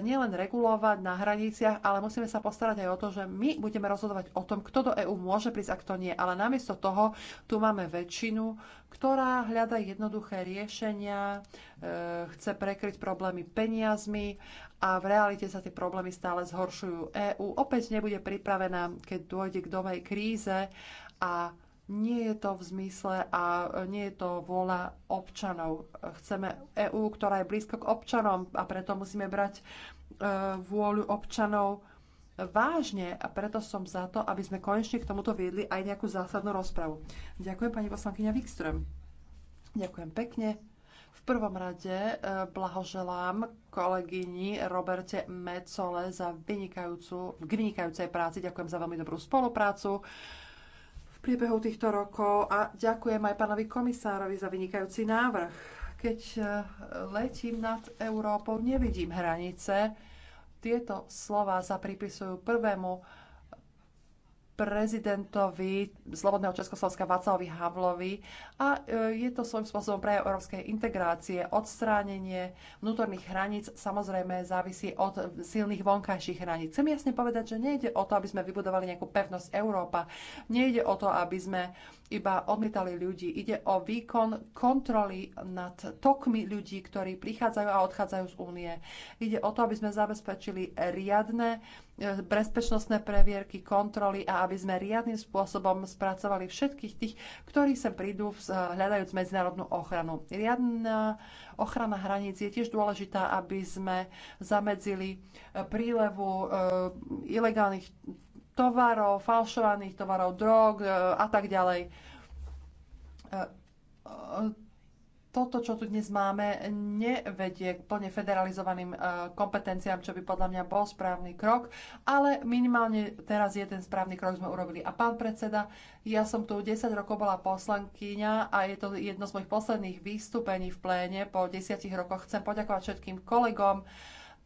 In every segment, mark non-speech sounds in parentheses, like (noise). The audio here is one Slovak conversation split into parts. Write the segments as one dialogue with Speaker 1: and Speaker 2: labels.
Speaker 1: nielen regulovať na hraniciach, ale musíme sa postarať aj o to, že my budeme rozhodovať o tom, kto do EÚ môže prísť a kto nie. Ale namiesto toho tu máme väčšinu, ktorá hľada jednoduché riešenia, e, chce prekryť problémy peniazmi a v realite sa tie problémy stále zhoršujú. EÚ opäť nebude pripravená, keď dôjde k domej kríze a nie je to v zmysle a nie je to vôľa občanov. Chceme EÚ, ktorá je blízko k občanom a preto musíme brať e, vôľu občanov vážne a preto som za to, aby sme konečne k tomuto viedli aj nejakú zásadnú rozpravu. Ďakujem pani poslankyňa Wikström. Ďakujem pekne. V prvom rade e, blahoželám kolegyni Roberte Mecole za vynikajúcu, vynikajúcej práci. Ďakujem za veľmi dobrú spoluprácu priebehu týchto rokov a ďakujem aj pánovi komisárovi za vynikajúci návrh. Keď e, letím nad Európou, nevidím hranice. Tieto slova sa pripisujú prvému prezidentovi Slobodného Československa Václavovi Havlovi a e, je to svojím spôsobom pre európskej integrácie. Odstránenie vnútorných hraníc samozrejme závisí od silných vonkajších hraníc. Chcem jasne povedať, že nejde o to, aby sme vybudovali nejakú pevnosť Európa. Nejde o to, aby sme iba odmietali ľudí. Ide o výkon kontroly nad tokmi ľudí, ktorí prichádzajú a odchádzajú z únie. Ide o to, aby sme zabezpečili riadne e, bezpečnostné previerky, kontroly a aby sme riadnym spôsobom spracovali všetkých tých, ktorí sem prídu e, hľadajúc medzinárodnú ochranu. Riadna ochrana hraníc je tiež dôležitá, aby sme zamedzili e, prílevu ilegálnych tovarov, falšovaných tovarov, drog e, a tak ďalej. E, e, toto, čo tu dnes máme, nevedie k plne federalizovaným kompetenciám, čo by podľa mňa bol správny krok, ale minimálne teraz je ten správny krok sme urobili. A pán predseda, ja som tu 10 rokov bola poslankyňa a je to jedno z mojich posledných výstupení v pléne. Po 10 rokoch chcem poďakovať všetkým kolegom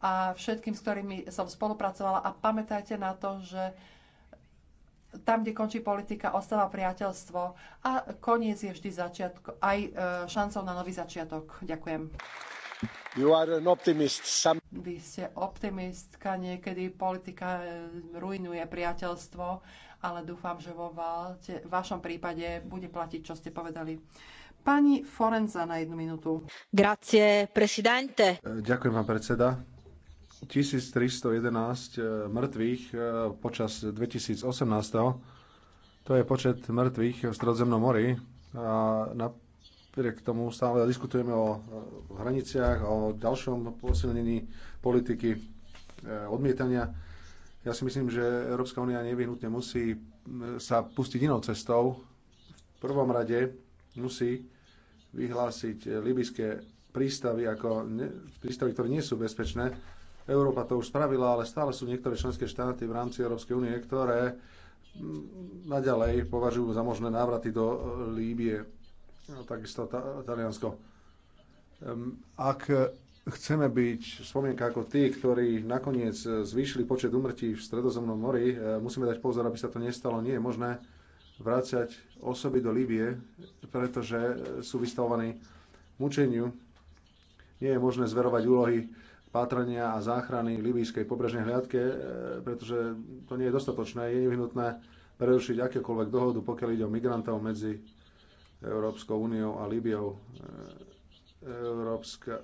Speaker 1: a všetkým, s ktorými som spolupracovala a pamätajte na to, že tam, kde končí politika, ostáva priateľstvo a koniec je vždy začiatko, aj e, šancou na nový začiatok. Ďakujem.
Speaker 2: You are an optimist. Some... Vy
Speaker 1: ste optimistka, niekedy politika e, ruinuje priateľstvo, ale dúfam, že vo valte, vašom prípade bude platiť, čo ste povedali. Pani Forenza
Speaker 3: na jednu minútu. Grazie, presidente.
Speaker 4: E, ďakujem vám, predseda 1311 e, mŕtvych e, počas 2018. To je počet mŕtvych v Stredozemnom mori. A napriek tomu stále diskutujeme o e, hraniciach, o ďalšom posilnení politiky odmietania. Ja si myslím, že Európska únia nevyhnutne musí sa pustiť inou cestou. V prvom rade musí vyhlásiť libyské prístavy ako ne, prístavy, ktoré nie sú bezpečné Európa to už spravila, ale stále sú niektoré členské štáty v rámci Európskej únie, ktoré naďalej považujú za možné návraty do e, Líbie, no, takisto Taliansko. Ak chceme byť spomienka ako tí, ktorí nakoniec e, zvýšili počet umrtí v Stredozemnom mori, e, musíme dať pozor, aby sa to nestalo. Nie je možné vrácať osoby do Líbie, pretože sú vystavovaní mučeniu. Nie je možné zverovať úlohy pátrania a záchrany libýskej pobrežnej hliadke, e, pretože to nie je dostatočné. Je nevyhnutné prerušiť akékoľvek dohodu, pokiaľ ide o migrantov medzi Európskou úniou a Líbiou. E, Európska,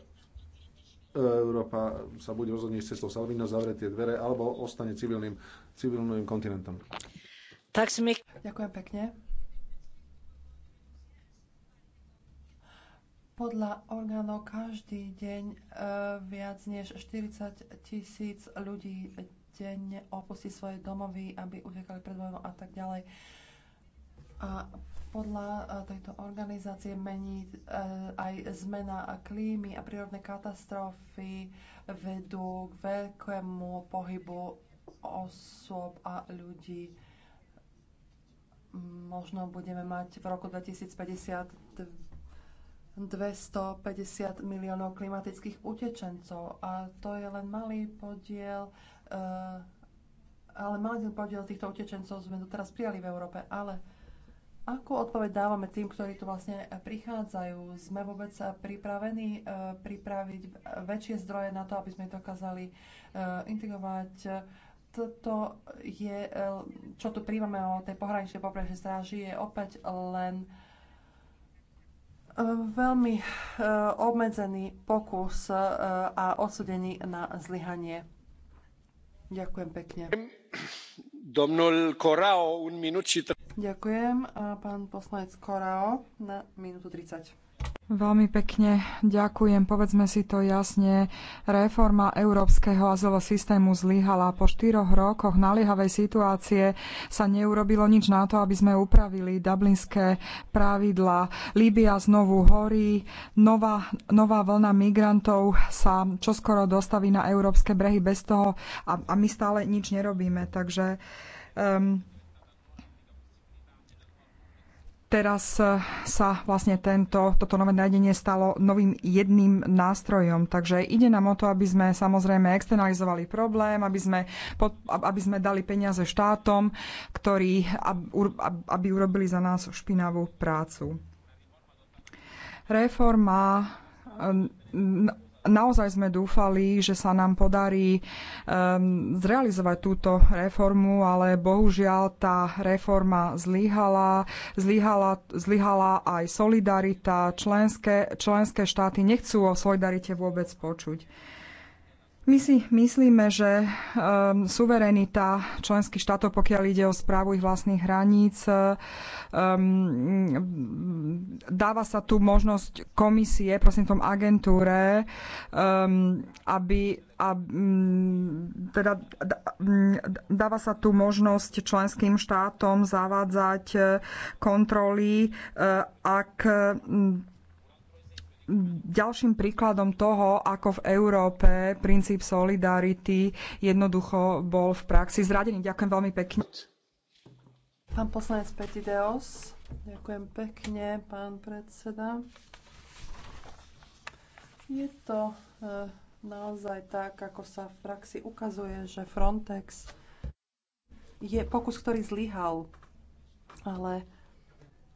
Speaker 4: e, Európa sa bude rozhodne s cestou Salvino zavrieť tie dvere alebo ostane civilným, civilným kontinentom.
Speaker 1: Ďakujem pekne. Podľa orgánov každý deň e, viac než 40 tisíc ľudí denne opustí svoje domovy, aby utekali pred vojnou a tak ďalej. A podľa e, tejto organizácie mení e, aj zmena klímy a prírodné katastrofy vedú k veľkému pohybu osôb a ľudí. Možno budeme mať v roku 2050 250 miliónov klimatických utečencov a to je len malý podiel eh, ale malý podiel týchto utečencov sme doteraz prijali v Európe, ale akú odpoveď dávame tým, ktorí tu vlastne prichádzajú? Sme vôbec pripravení eh, pripraviť väčšie zdroje na to, aby sme dokázali eh, integrovať toto je, čo tu príjmame o tej pohraničnej pobrežnej stráži, je opäť len uh, veľmi eh, obmedzený pokus eh, a odsudený na zlyhanie. Ďakujem pekne.
Speaker 2: Domnul un minut și...
Speaker 1: Ďakujem, pán poslanec Corrao na minútu 30
Speaker 5: Veľmi pekne ďakujem. Povedzme si to jasne. Reforma európskeho azylového systému zlyhala. Po štyroch rokoch naliehavej situácie sa neurobilo nič na to, aby sme upravili dublinské pravidla. Líbia znovu horí. Nová, nová vlna migrantov sa čoskoro dostaví na európske brehy bez toho a, a my stále nič nerobíme. Takže um, teraz eh, sa vlastne tento, toto nové nariadenie stalo novým jedným nástrojom. Takže ide nám o to, aby sme samozrejme externalizovali problém, aby sme, aby sme dali peniaze štátom, ktorí, aby urobili za nás špinavú prácu. Reforma eh, naozaj sme dúfali, že sa nám podarí um, zrealizovať túto reformu, ale bohužiaľ tá reforma zlyhala. Zlyhala, zlyhala aj solidarita. Členské, členské štáty nechcú o solidarite vôbec počuť. My si myslíme, že um, suverenita členských štátov, pokiaľ ide o správu ich vlastných hraníc, um, dáva sa tu možnosť komisie, prosím tom agentúre, um, aby a mm, teda mm, dáva sa tu možnosť členským štátom zavádzať eh, kontroly, eh, ak mm, ďalším príkladom toho, ako v Európe princíp solidarity jednoducho bol v praxi zradený. Ďakujem veľmi pekne.
Speaker 1: Pán poslanec Petideos, ďakujem pekne, pán predseda. Je to eh, naozaj tak, ako sa v praxi ukazuje, že Frontex je pokus, ktorý zlyhal. Ale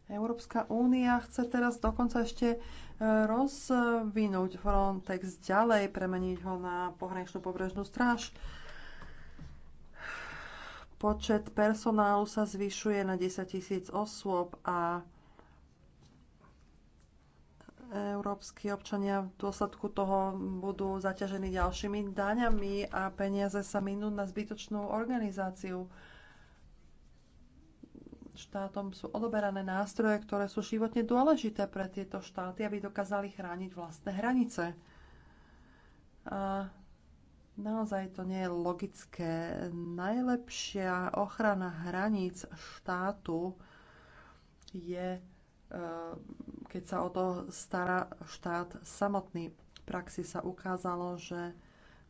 Speaker 1: Európska únia chce teraz dokonca ešte rozvinúť Frontex ďalej, premeniť ho na pohraničnú pobrežnú stráž. Počet personálu sa zvyšuje na 10 tisíc osôb a európsky občania v dôsledku toho budú zaťažení ďalšími daňami a peniaze sa minú na zbytočnú organizáciu štátom sú odoberané nástroje, ktoré sú životne dôležité pre tieto štáty, aby dokázali chrániť vlastné hranice. A naozaj to nie je logické. Najlepšia ochrana hraníc štátu je, e, keď sa o to stará štát samotný. V praxi sa ukázalo, že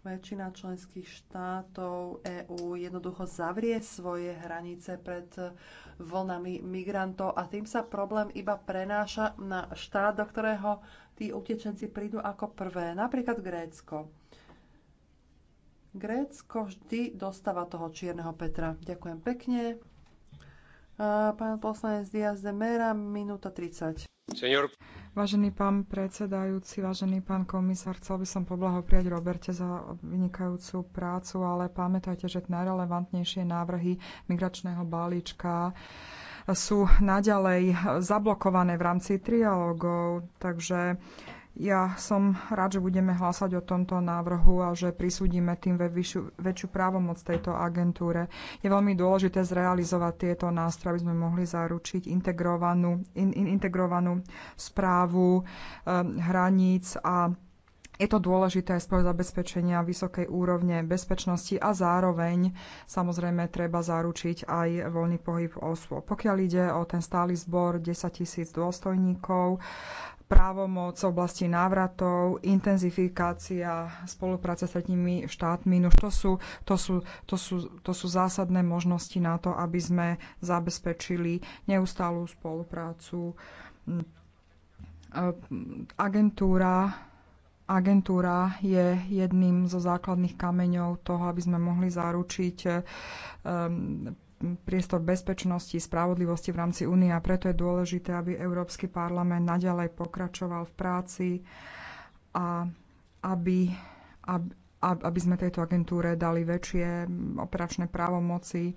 Speaker 1: väčšina členských štátov EÚ jednoducho zavrie svoje hranice pred vlnami migrantov a tým sa problém iba prenáša na štát, do ktorého tí utečenci prídu ako prvé, napríklad Grécko. Grécko vždy dostáva toho čierneho Petra. Ďakujem pekne. Pán poslanec Diaz de Mera, minúta 30. Vážený pán
Speaker 5: predsedajúci, vážený pán komisár, chcel by som poblahopriať Roberte za vynikajúcu prácu, ale pamätajte, že najrelevantnejšie návrhy migračného balíčka sú naďalej zablokované v rámci trialógov, takže ja som rád, že budeme hlasať o tomto návrhu a že prisúdime tým väčšiu, väčšiu právomoc tejto agentúre. Je veľmi dôležité zrealizovať tieto nástroje, aby sme mohli zaručiť integrovanú, in, in, integrovanú správu um, hraníc a je to dôležité aj z zabezpečenia vysokej úrovne bezpečnosti a zároveň samozrejme treba zaručiť aj voľný pohyb osôb. Pokiaľ ide o ten stály zbor 10 tisíc dôstojníkov, právomoc v oblasti návratov, intenzifikácia spolupráce s tretimi štátmi. No to sú, to, sú, to, sú, to sú zásadné možnosti na to, aby sme zabezpečili neustálú spoluprácu. Agentúra agentúra je jedným zo základných kameňov toho, aby sme mohli zaručiť eh, priestor bezpečnosti, spravodlivosti v rámci únie a preto je dôležité, aby Európsky parlament naďalej pokračoval v práci a aby, aby, aby sme tejto agentúre dali väčšie hm, operačné právomoci.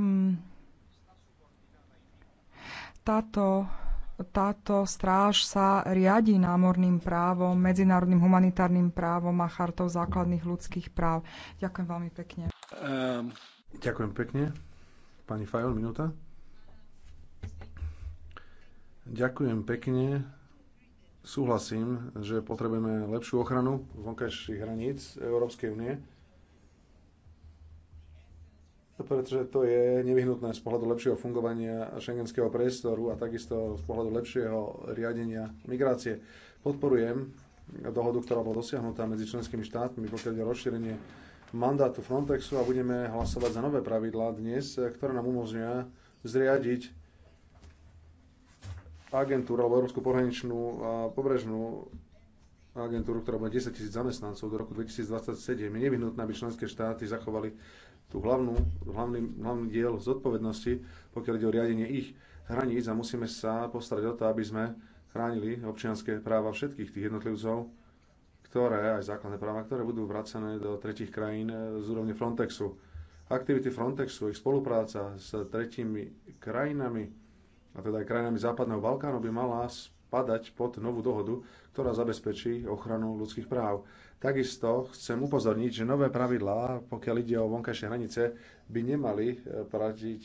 Speaker 5: Hm. Táto táto stráž sa riadi námorným právom, medzinárodným humanitárnym právom a chartou základných ľudských práv. Ďakujem veľmi pekne.
Speaker 4: Um, ďakujem pekne. Pani Fajon, minúta. Ďakujem pekne. Súhlasím, že potrebujeme lepšiu ochranu vonkajších hraníc Európskej únie No, pretože to je nevyhnutné z pohľadu lepšieho fungovania šengenského priestoru a takisto z pohľadu lepšieho riadenia migrácie. Podporujem dohodu, ktorá bola dosiahnutá medzi členskými štátmi, pokiaľ je rozšírenie mandátu Frontexu a budeme hlasovať za nové pravidlá dnes, ktoré nám umožňujú zriadiť agentúru alebo Európsku pohraničnú a pobrežnú agentúru, ktorá bude 10 tisíc zamestnancov do roku 2027. Je nevyhnutné, aby členské štáty zachovali tú hlavnú, hlavný, hlavný diel zodpovednosti, pokiaľ ide o riadenie ich hraníc a musíme sa postarať o to, aby sme chránili občianské práva všetkých tých jednotlivcov, ktoré, aj základné práva, ktoré budú vracené do tretich krajín eh, z úrovne Frontexu. Aktivity Frontexu, ich spolupráca s tretími krajinami, a teda aj krajinami Západného Balkánu by mala spadať pod novú dohodu, ktorá zabezpečí ochranu ľudských práv. Takisto chcem upozorniť, že nové pravidlá, pokiaľ ide o vonkajšie hranice, by nemali e, platiť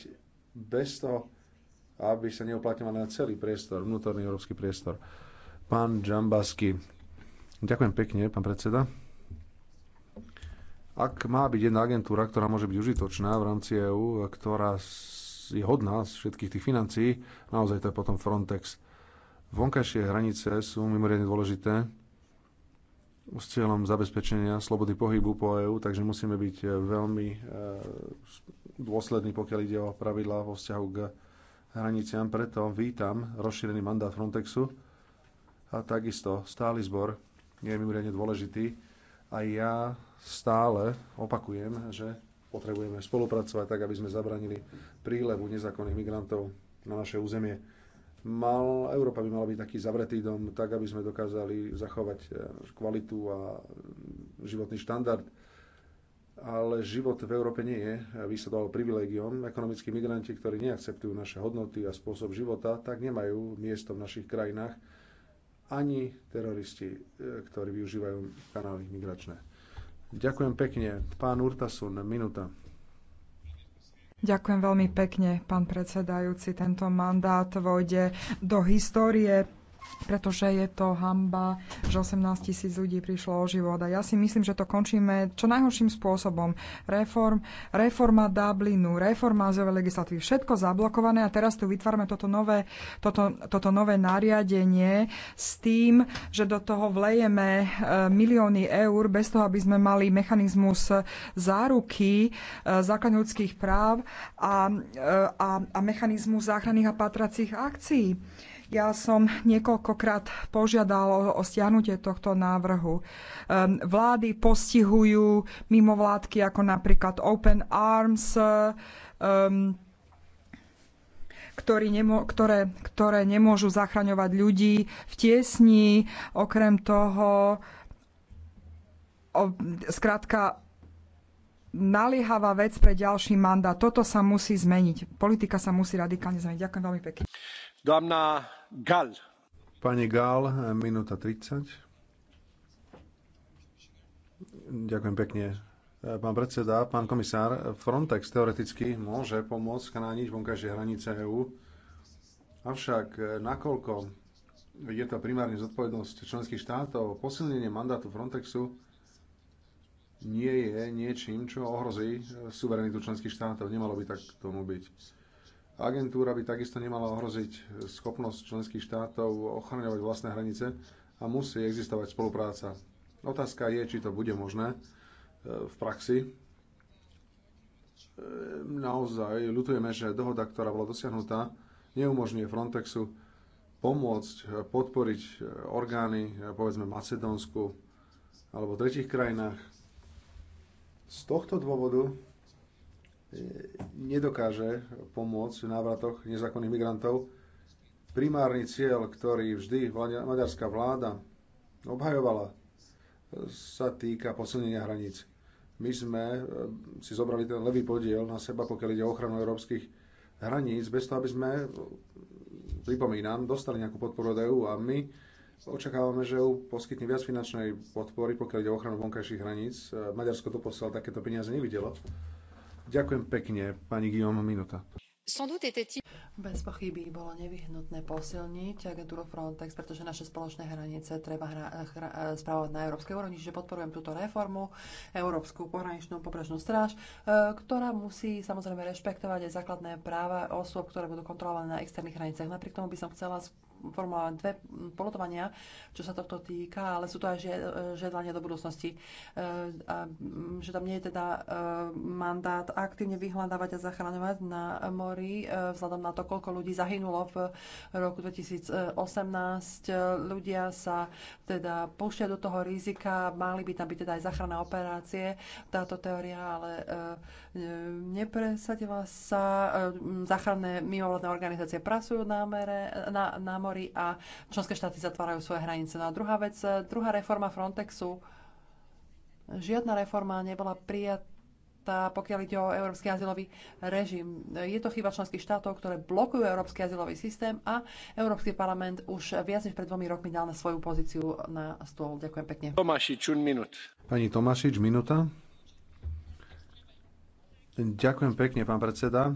Speaker 4: bez toho, aby sa neuplatňovali na celý priestor, vnútorný európsky priestor. Pán Džambasky. Ďakujem pekne, pán predseda. Ak má byť jedna agentúra, ktorá môže byť užitočná v rámci EÚ, ktorá je hodná z všetkých tých financií, naozaj to je potom Frontex Vonkajšie hranice sú mimoriadne dôležité s cieľom zabezpečenia slobody pohybu po EÚ, takže musíme byť e, veľmi e, dôslední, pokiaľ ide o pravidlá vo vzťahu k hraniciam. Preto vítam rozšírený mandát Frontexu a takisto stály zbor je mimoriadne dôležitý a ja stále opakujem, že potrebujeme spolupracovať tak, aby sme zabranili prílevu nezákonných migrantov na naše územie mal, Európa by mala byť taký zavretý dom, tak aby sme dokázali zachovať e, kvalitu a mm, životný štandard. Ale život v Európe nie je výsledol privilegiom. Ekonomickí migranti, ktorí neakceptujú naše hodnoty a spôsob života, tak nemajú miesto v našich krajinách ani teroristi, e, ktorí využívajú kanály migračné. Ďakujem pekne. Pán Urtasun, minúta.
Speaker 5: Ďakujem veľmi pekne, pán predsedajúci. Tento mandát vojde do histórie pretože je to hamba, že 18 tisíc ľudí prišlo o život. A ja si myslím, že to končíme čo najhorším spôsobom. Reform, reforma Dublinu, reforma azylovej legislatívy, všetko zablokované a teraz tu vytvárame toto nové, toto, toto nové nariadenie s tým, že do toho vlejeme e, milióny eur bez toho, aby sme mali mechanizmus záruky e, základných ľudských práv a, e, a, a mechanizmus záchranných a patracích akcií. Ja som niekoľkokrát požiadal o, stiahnutie tohto návrhu. vlády postihujú mimovládky ako napríklad Open Arms, e, ktorý ktoré, ktoré nemôžu zachraňovať ľudí v tiesni. Okrem toho, o, skrátka, naliehavá vec pre ďalší mandát. Toto sa musí zmeniť. Politika sa musí radikálne zmeniť. Ďakujem veľmi pekne.
Speaker 4: Doamna Pani Gál, minúta 30. Ďakujem pekne. Pán predseda, pán komisár, Frontex teoreticky môže pomôcť chrániť vonkajšie hranice EÚ, avšak nakoľko je to primárne zodpovednosť členských štátov, posilnenie mandátu Frontexu nie je niečím, čo ohrozí suverenitu členských štátov. Nemalo by tak tomu byť Agentúra by takisto nemala ohroziť schopnosť členských štátov ochraňovať vlastné hranice a musí existovať spolupráca. Otázka je, či to bude možné e, v praxi. E, naozaj ľutujeme, že dohoda, ktorá bola dosiahnutá, neumožňuje Frontexu pomôcť, podporiť orgány, povedzme Macedónsku alebo v tretich krajinách. Z tohto dôvodu nedokáže pomôcť v návratoch nezákonných migrantov. Primárny cieľ, ktorý vždy maďarská vláda obhajovala, sa týka posilnenia hraníc. My sme e, si zobrali ten levý podiel na seba, pokiaľ ide o ochranu európskych hraníc, bez toho, aby sme, pripomínam, dostali nejakú podporu od EU a my očakávame, že EU poskytne viac finančnej podpory, pokiaľ ide o ochranu vonkajších hraníc. E, Maďarsko to posiaľ takéto peniaze nevidelo. Ďakujem pekne, pani Guillaume, minúta.
Speaker 1: Bez pochyby bolo nevyhnutné posilniť agentúru Frontex, pretože naše spoločné hranice treba hra, hra, spravovať na európskej úrovni, čiže podporujem túto reformu, Európsku pohraničnú pobrežnú stráž, e, ktorá musí samozrejme rešpektovať aj základné práva osôb, ktoré budú kontrolované na externých hranicách. Napriek tomu by som chcela formula dve polotovania, čo sa tohto týka, ale sú to aj žiadania do budúcnosti. E, mm, že tam nie je teda e, mandát aktívne vyhľadávať a zachraňovať na mori, e, vzhľadom na to, koľko ľudí zahynulo v roku 2018. Ľudia sa teda púšťa do toho rizika, mali by tam byť teda aj záchranné operácie. Táto teória ale nepresadila sa. Záchranné mimovládne organizácie prasujú na, mere, na, na mori, mori a členské štáty zatvárajú svoje hranice. No a druhá vec, e, druhá reforma Frontexu. Žiadna reforma nebola prijatá, pokiaľ ide o európsky azylový režim. Je to chyba členských štátov, ktoré blokujú európsky azylový systém a Európsky parlament už viac než pred dvomi rokmi dal na svoju pozíciu na stôl. Ďakujem pekne.
Speaker 2: Tomášič, un minút.
Speaker 4: Pani Tomášič, minúta. Ďakujem pekne, pán predseda.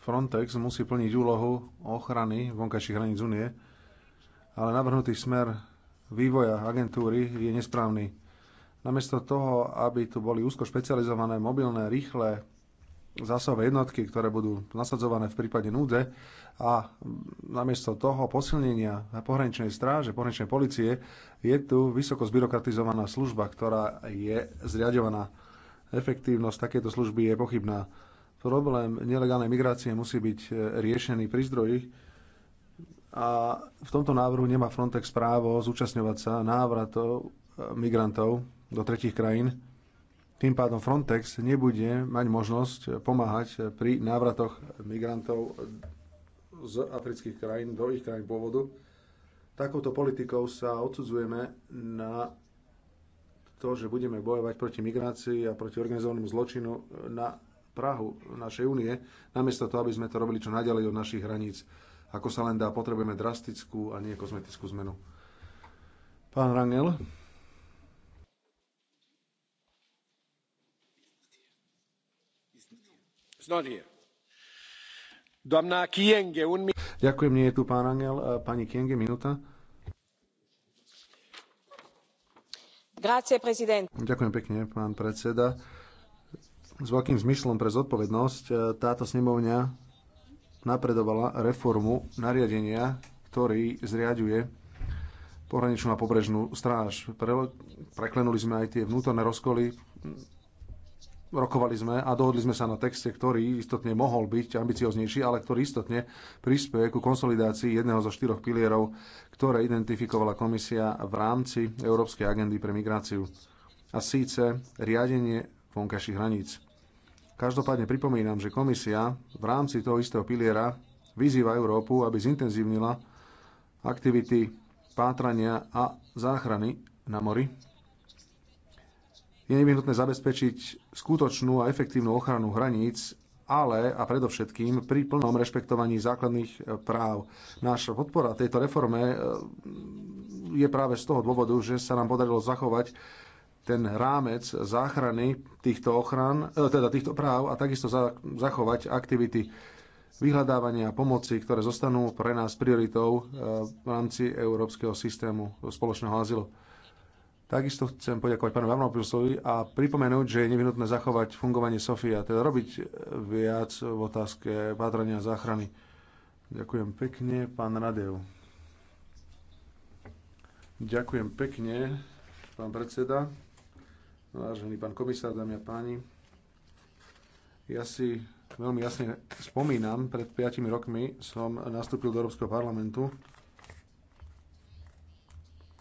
Speaker 4: Frontex musí plniť úlohu ochrany vonkajších hraníc únie, ale navrhnutý smer vývoja agentúry je nesprávny. Namiesto toho, aby tu boli úzko špecializované, mobilné, rýchle zásahové jednotky, ktoré budú nasadzované v prípade núdze a namiesto toho posilnenia pohraničnej stráže, pohraničnej policie, je tu vysoko zbyrokratizovaná služba, ktorá je zriadovaná. Efektívnosť takéto služby je pochybná Problém nelegálnej migrácie musí byť e, riešený pri zdroji a v tomto návrhu nemá Frontex právo zúčastňovať sa návratov e, migrantov do tretich krajín. Tým pádom Frontex nebude mať možnosť pomáhať pri návratoch migrantov z afrických krajín do ich krajín pôvodu. Takouto politikou sa odsudzujeme na to, že budeme bojovať proti migrácii a proti organizovanému zločinu na Prahu našej únie, namiesto toho, aby sme to robili čo naďalej od našich hraníc. Ako sa len dá, potrebujeme drastickú a nie kozmetickú zmenu. Pán Rangel. Ďakujem, nie je tu pán Rangel. Pani Kienge, minúta.
Speaker 3: Ďakujem
Speaker 4: pekne, pán predseda s veľkým zmyslom pre zodpovednosť e, táto snemovňa napredovala reformu nariadenia, ktorý zriaďuje pohraničnú a pobrežnú stráž. Preklenuli sme aj tie vnútorné rozkoly, rokovali sme a dohodli sme sa na texte, ktorý istotne mohol byť ambicioznejší, ale ktorý istotne prispieje ku konsolidácii jedného zo štyroch pilierov, ktoré identifikovala komisia v rámci Európskej agendy pre migráciu. A síce riadenie vonkajších hraníc. Každopádne pripomínam, že komisia v rámci toho istého piliera vyzýva Európu, aby zintenzívnila aktivity pátrania a záchrany na mori. Je nevyhnutné zabezpečiť skutočnú a efektívnu ochranu hraníc, ale a predovšetkým pri plnom rešpektovaní základných e, práv. Náša podpora tejto reforme e, je práve z toho dôvodu, že sa nám podarilo zachovať ten rámec záchrany týchto ochran, e, teda týchto práv a takisto zachovať aktivity vyhľadávania a pomoci, ktoré zostanú pre nás prioritou e, v rámci európskeho systému spoločného azylu. Takisto chcem poďakovať pánu Varnopilusovi a pripomenúť, že je nevyhnutné zachovať fungovanie Sofia, teda robiť viac v otázke pátrania a záchrany. Ďakujem pekne, pán Radev. Ďakujem pekne, pán predseda vážený pán komisár, dámy a páni. Ja si veľmi jasne spomínam, pred 5 rokmi som nastúpil do Európskeho parlamentu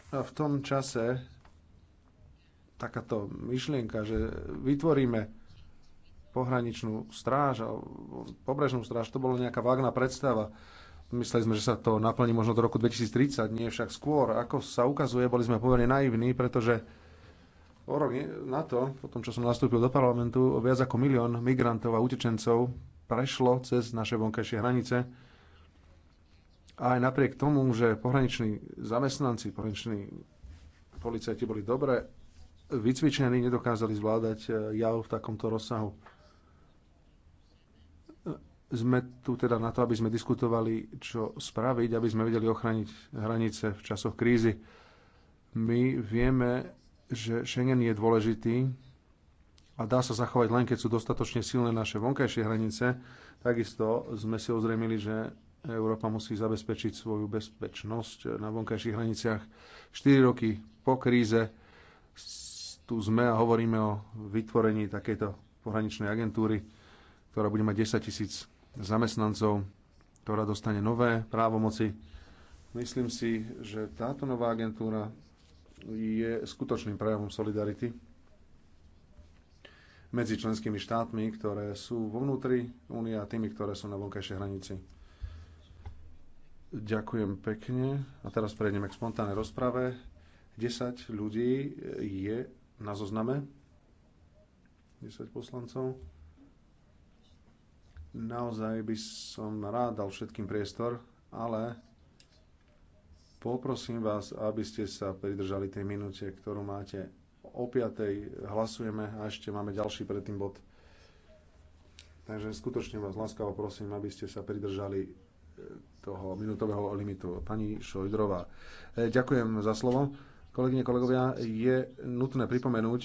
Speaker 4: a v tom čase takáto myšlienka, že vytvoríme pohraničnú stráž, pobrežnú stráž, to bola nejaká vágna predstava. Mysleli sme, že sa to naplní možno do roku 2030, nie však skôr. Ako sa ukazuje, boli sme pomerne naivní, pretože O rok na to, po tom, čo som nastúpil do parlamentu, viac ako milión migrantov a utečencov prešlo cez naše vonkajšie hranice. A aj napriek tomu, že pohraniční zamestnanci, pohraniční policajti boli dobre vycvičení, nedokázali zvládať e, jav v takomto rozsahu. Sme tu teda na to, aby sme diskutovali, čo spraviť, aby sme vedeli ochrániť hranice v časoch krízy. My vieme, že Schengen je dôležitý a dá sa zachovať len, keď sú dostatočne silné naše vonkajšie hranice. Takisto sme si ozrejmili, že Európa musí zabezpečiť svoju bezpečnosť na vonkajších hraniciach. 4 roky po kríze tu sme a hovoríme o vytvorení takejto pohraničnej agentúry, ktorá bude mať 10 tisíc zamestnancov, ktorá dostane nové právomoci. Myslím si, že táto nová agentúra je skutočným prejavom solidarity medzi členskými štátmi, ktoré sú vo vnútri únie a tými, ktoré sú na vonkajšej hranici. Ďakujem pekne. A teraz prejdeme k spontánnej rozprave. 10 ľudí je na zozname. 10 poslancov. Naozaj by som rád dal všetkým priestor, ale Poprosím vás, aby ste sa pridržali tej minúte, ktorú máte. O 5. hlasujeme a ešte máme ďalší predtým bod. Takže skutočne vás láskavo prosím, aby ste sa pridržali eh, toho minútového limitu. Pani Šojdrová, eh, ďakujem za slovo. Kolegyne, kolegovia, je nutné pripomenúť,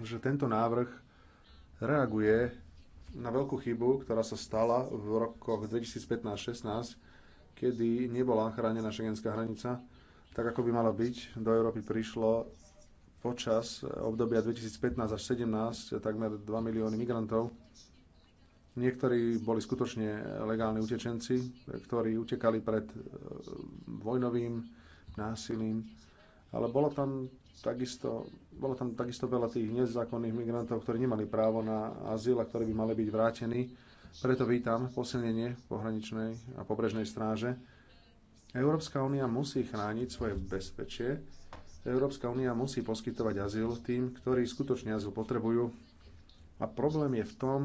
Speaker 4: že tento návrh reaguje na veľkú chybu, ktorá sa stala v rokoch 2015-16, kedy nebola chránená šengenská hranica, tak ako by mala byť, do Európy prišlo počas obdobia 2015 až 2017 takmer 2 milióny migrantov. Niektorí boli skutočne legálni utečenci, ktorí utekali pred eh, vojnovým násilím, ale bolo tam takisto, bolo tam takisto veľa tých nezákonných migrantov, ktorí nemali právo na azyl a ktorí by mali byť vrátení preto vítam posilnenie pohraničnej a pobrežnej stráže. Európska únia musí chrániť svoje bezpečie. Európska únia musí poskytovať azyl tým, ktorí skutočne azyl potrebujú. A problém je v tom,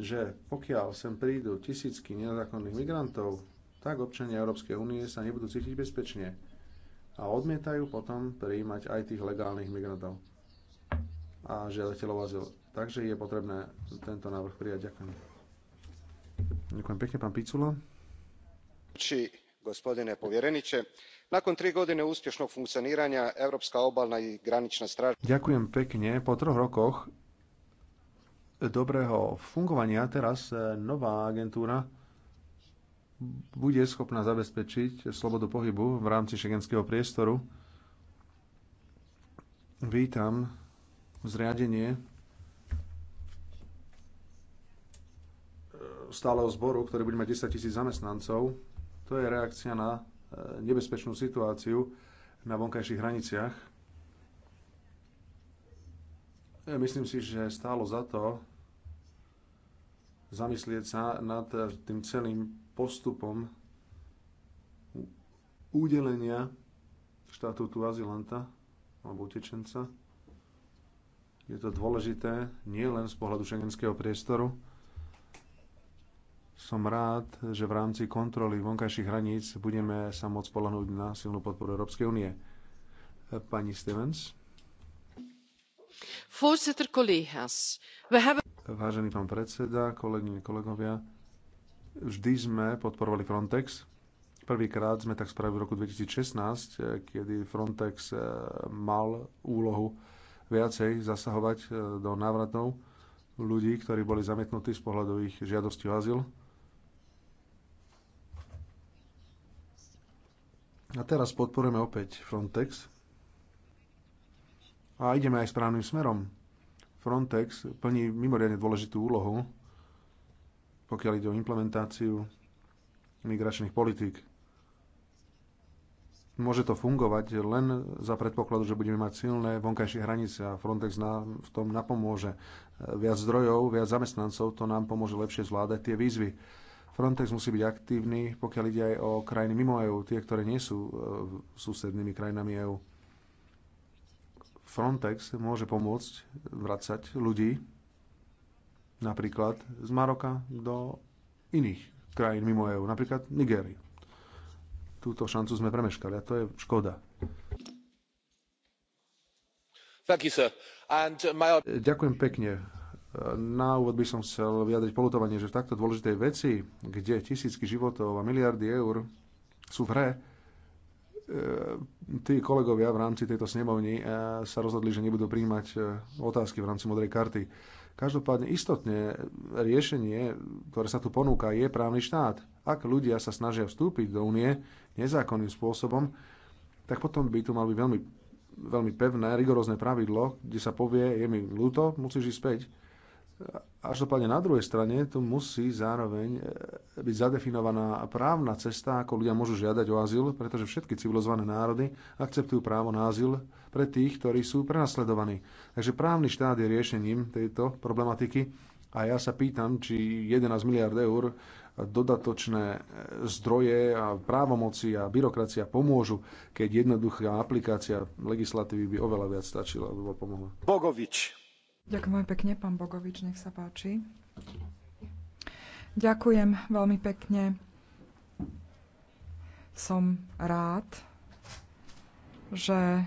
Speaker 4: že pokiaľ sem prídu tisícky nezákonných migrantov, tak občania Európskej únie sa nebudú cítiť bezpečne a odmietajú potom prijímať aj tých legálnych migrantov a žiadateľov azyl. Takže je potrebné tento návrh prijať. Ďakujem. Ďakujem pekne, gospodine povjereniče, nakon tri godine uspješnog
Speaker 2: funkcioniranja Europska obalna i granična straža...
Speaker 4: Po troch rokoch dobrého fungovania teraz e, nová agentúra bude schopná zabezpečiť slobodu pohybu v rámci šengenského priestoru. Vítam zriadenie stáleho zboru, ktorý bude mať 10 tisíc zamestnancov. To je reakcia na e, nebezpečnú situáciu na vonkajších hraniciach. Ja myslím si, že stálo za to zamyslieť sa nad e, tým celým postupom udelenia štatútu azilanta alebo utečenca. Je to dôležité nielen z pohľadu šengenského priestoru, som rád, že v rámci kontroly vonkajších hraníc budeme sa môcť spolahnúť na silnú podporu Európskej únie. Pani Stevens. Vážený pán predseda, kolegyne, kolegovia, vždy sme podporovali Frontex. Prvýkrát sme tak spravili v roku 2016, kedy Frontex eh, mal úlohu viacej zasahovať eh, do návratov ľudí, ktorí boli zamietnutí z pohľadu ich žiadosti o azyl A teraz podporujeme opäť Frontex a ideme aj správnym smerom. Frontex plní mimoriadne dôležitú úlohu, pokiaľ ide o implementáciu migračných politík. Môže to fungovať len za predpokladu, že budeme mať silné vonkajšie hranice a Frontex nám v tom napomôže. Viac zdrojov, viac zamestnancov, to nám pomôže lepšie zvládať tie výzvy Frontex musí byť aktívny, pokiaľ ide aj o krajiny mimo EÚ, tie, ktoré nie sú e, susednými krajinami EÚ. Frontex môže pomôcť vracať ľudí napríklad z Maroka do iných krajín mimo EÚ, napríklad Nigérie. Túto šancu sme premeškali a to je škoda.
Speaker 2: You, And, my...
Speaker 4: Ďakujem pekne na úvod by som chcel vyjadriť polutovanie, že v takto dôležitej veci, kde tisícky životov a miliardy eur sú v hre, e, tí kolegovia v rámci tejto snemovni e, sa rozhodli, že nebudú príjmať e, otázky v rámci modrej karty. Každopádne istotne riešenie, ktoré sa tu ponúka, je právny štát. Ak ľudia sa snažia vstúpiť do únie nezákonným spôsobom, tak potom by tu mal byť veľmi, veľmi pevné, rigorózne pravidlo, kde sa povie, je mi ľúto, musíš ísť späť Každopádne na druhej strane tu musí zároveň e, byť zadefinovaná právna cesta, ako ľudia môžu žiadať o azyl, pretože všetky civilizované národy akceptujú právo na azyl pre tých, ktorí sú prenasledovaní. Takže právny štát je riešením tejto problematiky a ja sa pýtam, či 11 miliard eur dodatočné e, zdroje a právomoci a byrokracia pomôžu, keď jednoduchá aplikácia legislatívy by oveľa viac stačila, aby bola pomohla. Bogovič.
Speaker 5: Ďakujem veľmi pekne, pán Bogovič, nech sa páči. Ďakujem veľmi pekne. Som rád, že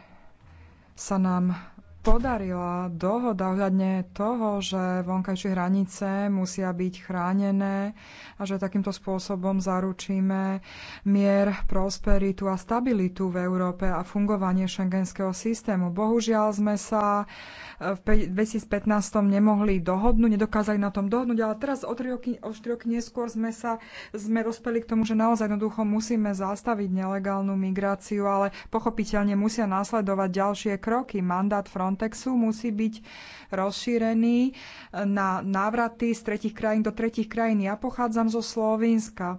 Speaker 5: sa nám podarila dohoda ohľadne toho, že vonkajšie hranice musia byť chránené a že takýmto spôsobom zaručíme mier, prosperitu a stabilitu v Európe a fungovanie šengenského systému. Bohužiaľ sme sa eh, v 2015 nemohli dohodnúť, nedokázali na tom dohodnúť, ale teraz o 3 roky, o 4 roky neskôr sme sa sme dospeli k tomu, že naozaj jednoducho musíme zastaviť nelegálnu migráciu, ale pochopiteľne musia následovať ďalšie kroky. Mandát front Frontexu musí byť rozšírený e, na návraty z tretich krajín do tretich krajín. Ja pochádzam zo Slovenska.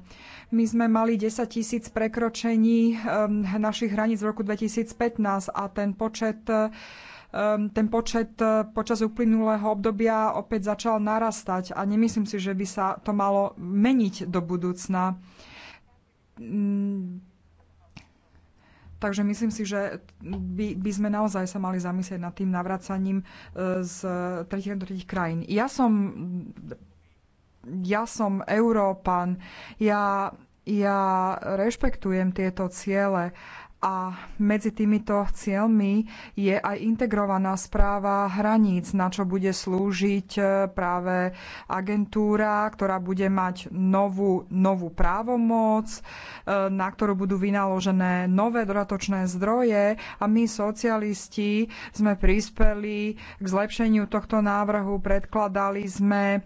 Speaker 5: My sme mali 10 tisíc prekročení e, našich hraníc v roku 2015 a ten počet e, ten počet počas uplynulého obdobia opäť začal narastať a nemyslím si, že by sa to malo meniť do budúcna mm, Takže myslím si, že by, by sme naozaj sa mali zamyslieť nad tým navracaním e, z tretich do tretich krajín. Ja som, ja som Európan, ja, ja rešpektujem tieto ciele, a medzi týmito cieľmi je aj integrovaná správa hraníc, na čo bude slúžiť e, práve agentúra, ktorá bude mať novú, novú právomoc, e, na ktorú budú vynaložené nové dodatočné zdroje a my socialisti sme prispeli k zlepšeniu tohto návrhu, predkladali sme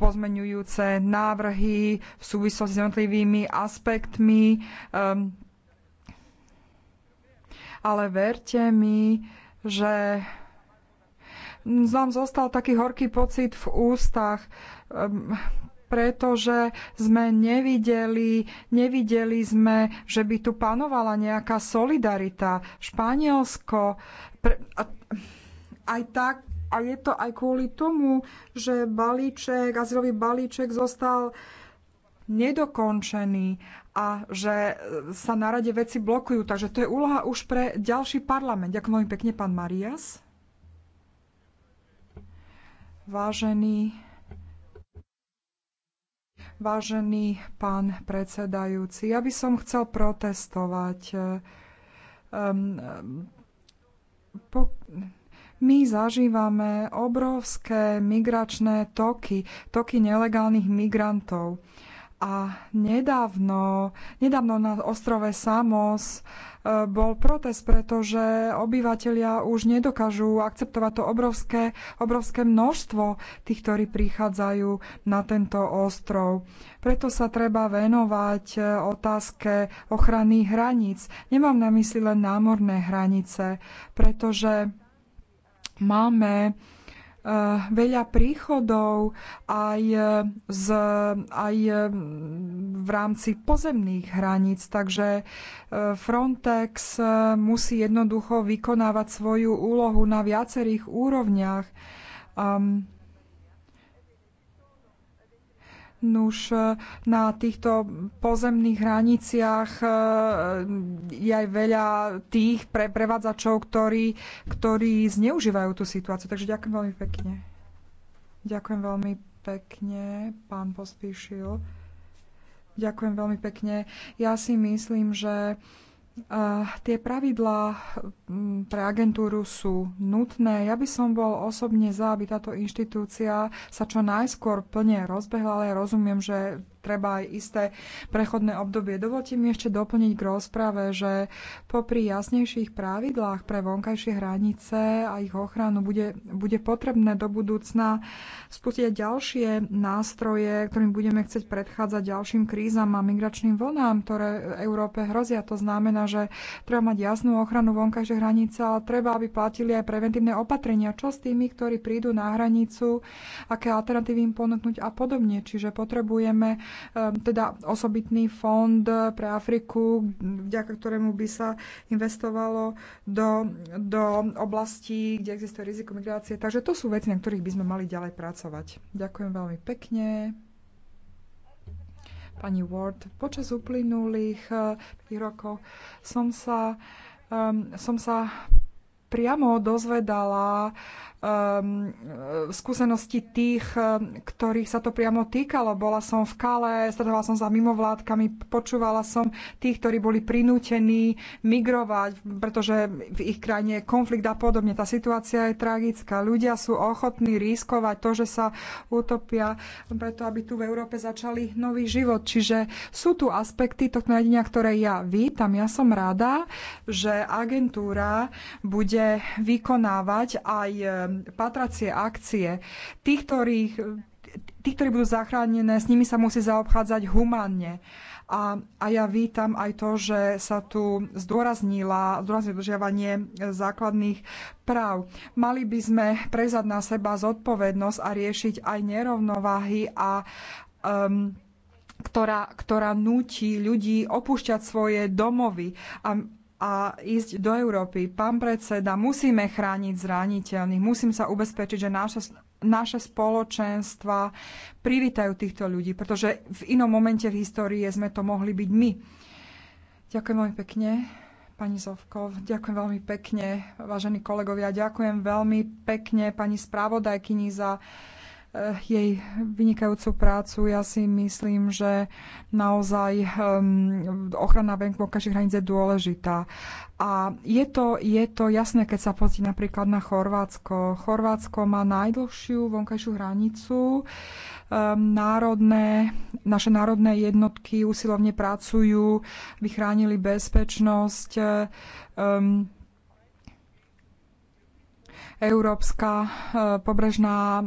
Speaker 5: pozmenujúce návrhy v súvislosti s jednotlivými aspektmi ehm, ale verte mi, že nám zostal taký horký pocit v ústach, ehm, pretože sme nevideli, nevideli sme, že by tu panovala nejaká solidarita. Španielsko, pre, a, aj tak, a je to aj kvôli tomu, že balíček, azylový balíček zostal nedokončený a že e, sa na rade veci blokujú. Takže to je úloha už pre ďalší parlament. Ďakujem veľmi pekne, pán Marias. Vážený, vážený pán predsedajúci, ja by som chcel protestovať. Um, po, my zažívame obrovské migračné toky, toky nelegálnych migrantov. Uh, a nedávno, nedávno na ostrove Samos e, bol protest, pretože obyvateľia už nedokážu akceptovať to obrovské, obrovské množstvo tých, ktorí prichádzajú na tento ostrov. Preto sa treba venovať e, otázke ochrany hraníc. Nemám na mysli len námorné hranice, pretože máme Eh, veľa príchodov aj, eh, z, aj eh, v rámci pozemných hraníc, takže Frontex musí jednoducho vykonávať svoju úlohu na viacerých úrovniach. Um, Nuž e, na týchto pozemných hraniciach e, je aj veľa tých pre prevádzačov, ktorí, ktorí zneužívajú tú situáciu. Takže ďakujem veľmi pekne. Ďakujem veľmi pekne, pán Pospíšil. Ďakujem veľmi pekne. Ja si myslím, že Uh, tie pravidlá mm, pre agentúru sú nutné. Ja by som bol osobne za, aby táto inštitúcia sa čo najskôr plne rozbehla, ale ja rozumiem, že treba aj isté prechodné obdobie. Dovolte mi ešte doplniť k rozprave, že popri jasnejších pravidlách pre vonkajšie hranice a ich ochranu bude, bude potrebné do budúcna spustiť ďalšie nástroje, ktorým budeme chcieť predchádzať ďalším krízam a migračným vlnám, ktoré v Európe hrozia. To znamená, že treba mať jasnú ochranu vonkajšej hranice, ale treba, aby platili aj preventívne opatrenia. Čo s tými, ktorí prídu na hranicu, aké alternatívy im ponúknuť a podobne. Čiže potrebujeme Ehm, teda osobitný fond pre Afriku, vďaka ktorému by sa investovalo do, do oblastí, kde existuje riziko migrácie. Takže to sú veci, na ktorých by sme mali ďalej pracovať. Ďakujem veľmi pekne pani Ward. Počas uplynulých uh, rokov som sa, um, som sa priamo dozvedala um, skúsenosti tých, um, ktorých sa to priamo týkalo. Bola som v Kale, stredovala som sa mimovládkami, počúvala som tých, ktorí boli prinútení migrovať, pretože v ich krajine je konflikt a podobne. Tá situácia je tragická. Ľudia sú ochotní riskovať to, že sa utopia, preto aby tu v Európe začali nový život. Čiže sú tu aspekty tohto nariadenia, ktoré ja vítam. Ja som rada, že agentúra bude vykonávať aj patracie akcie. Tých, ktorých, tí, ktorí budú zachránené, s nimi sa musí zaobchádzať humánne. A, a ja vítam aj to, že sa tu zdôraznila zdôraznilo dodržiavanie základných práv. Mali by sme prezať na seba zodpovednosť a riešiť aj nerovnováhy a um, ktorá, ktorá núti ľudí opúšťať svoje domovy. A a ísť do Európy. Pán predseda, musíme chrániť zraniteľných, musím sa ubezpečiť, že naše, naše spoločenstva privítajú týchto ľudí, pretože v inom momente v histórii sme to mohli byť my. Ďakujem veľmi pekne, pani Zovkov, ďakujem veľmi pekne, vážení kolegovia, ďakujem veľmi pekne pani spravodajkyni za Eh, jej vynikajúcu prácu. Ja si myslím, že naozaj ehm, ochrana vonkajších hraníc je dôležitá. A je to, je to jasné, keď sa pozrie napríklad na Chorvátsko. Chorvátsko má najdlhšiu vonkajšiu hranicu. Ehm, národné, naše národné jednotky usilovne pracujú, vychránili bezpečnosť. Ehm, Európska e, pobrežná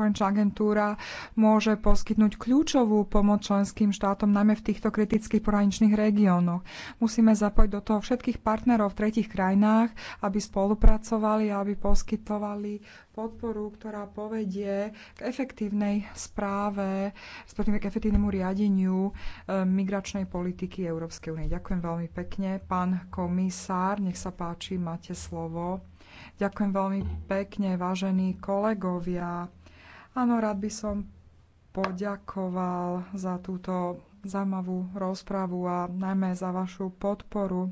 Speaker 5: e, agentúra môže poskytnúť kľúčovú pomoc členským štátom, najmä v týchto kritických poraničných regiónoch. Musíme zapojiť do toho všetkých partnerov v tretich krajinách, aby spolupracovali a aby poskytovali podporu, ktorá povedie k efektívnej správe, respektíve k efektívnemu riadeniu e, migračnej politiky Európskej únie. Ďakujem veľmi pekne. Pán komisár, nech sa páči, máte slovo. Ďakujem veľmi pekne, vážení kolegovia. Áno, rád by som poďakoval za túto zaujímavú rozpravu a najmä za vašu podporu.